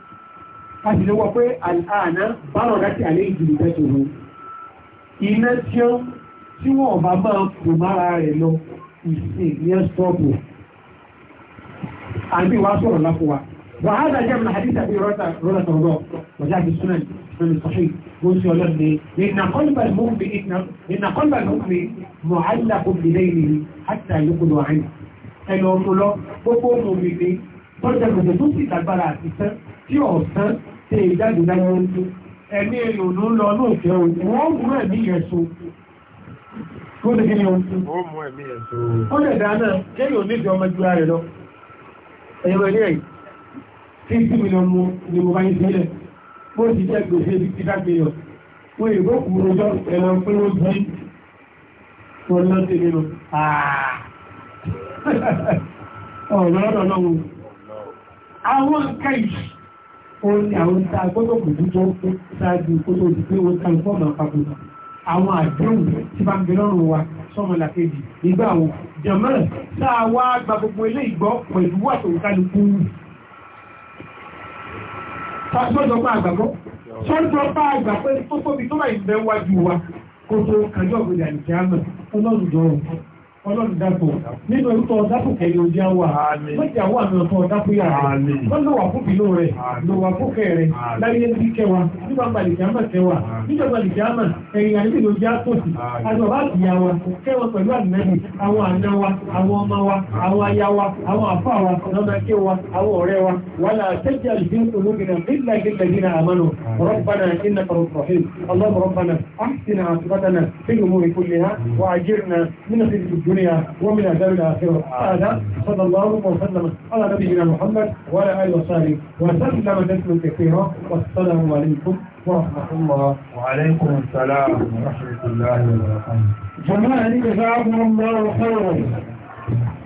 káṣí ló wọ pé àná báwọn láti àlẹ́ ìdìbò tẹ́tò lọ iná tí ó tí wọ́n bá máa kò mára rẹ̀ lọ ìsìn ní ẹ́sọ́ọ̀bù àbí wàá sọ̀rọ̀ láfọwà وهذا جاء من حديث ابي هريره الله وجاء في السنن من الصحيح قلت له لان قلب المؤمن ان قلب المؤمن معلق àti tán tí ọ̀sán tí èyí jáde láyé ẹ̀mí èrò ló ń lọ lóòfẹ́ o wọ́n mú ẹ̀mí yẹn tó lè gíní o ó lè dáná kéyò níbi ọmọ ju ara rẹ̀ lọ ẹ̀yọ́ ilé ẹ̀ tí lọ mú ni mo bá yín sílẹ̀ bó ẹ̀rọ pé ó di tó lọ sí nínú ọ̀rọ̀ ọ̀rọ̀ lọ́wọ́ àwọn nǹkan yìí ó ní àwọn tá a gbọ́dọ̀ bùdú tó ṣáájú kó tó di pé ó ta ìfọ́ọ̀mù àpapọ̀ àwọn àdéhùn tí bá ń bẹ lọ́rùn wa sọ́mọ làkejì nígbà wo jọ̀mọ́ tá a wá gba gbogbo ilé ìgbọ́ pẹ̀lú wà tó kálukú sọ́jọ́ pa àgbàgbọ́ sọ́jọ́ pa àgbà pé tó tóbi tó bá ìbẹ̀ wájú wa kó tó kájọ́ ògbèdè àlùkè àmọ́ ọlọ́run jọ̀ọ́ Ọlọ́run dápò. Nínú orúkọ dápò kẹ̀lẹ́ ojú àwà. Mọ́jà wà ní ọ̀tọ̀ dápò yàrá. Wọ́n lọ wà fún bínú rẹ̀, lọ wà fún kẹ̀ rẹ̀, láyé bí kẹwa, nígbà gbàlìkì àmà kẹwa, nígbà gbàlìkì àmà, ẹ̀yìn àníbì ló jẹ́ àtòsí. Àjọba àtìyá wa, kẹwa pẹ̀lú ànínẹ́bì, àwọn àna wa, àwọn ọmọ wa, àwọn aya wa, àwọn àfà wa, lọ́nà kẹ wa, الدنيا ومن عذاب الآخرة هذا صلى الله وسلم على نبينا محمد وعلى آله وصحبه وسلم تسليما كثيرا والسلام عليكم ورحمة الله وعليكم السلام ورحمة الله وبركاته جماعة جزاكم الله خيرا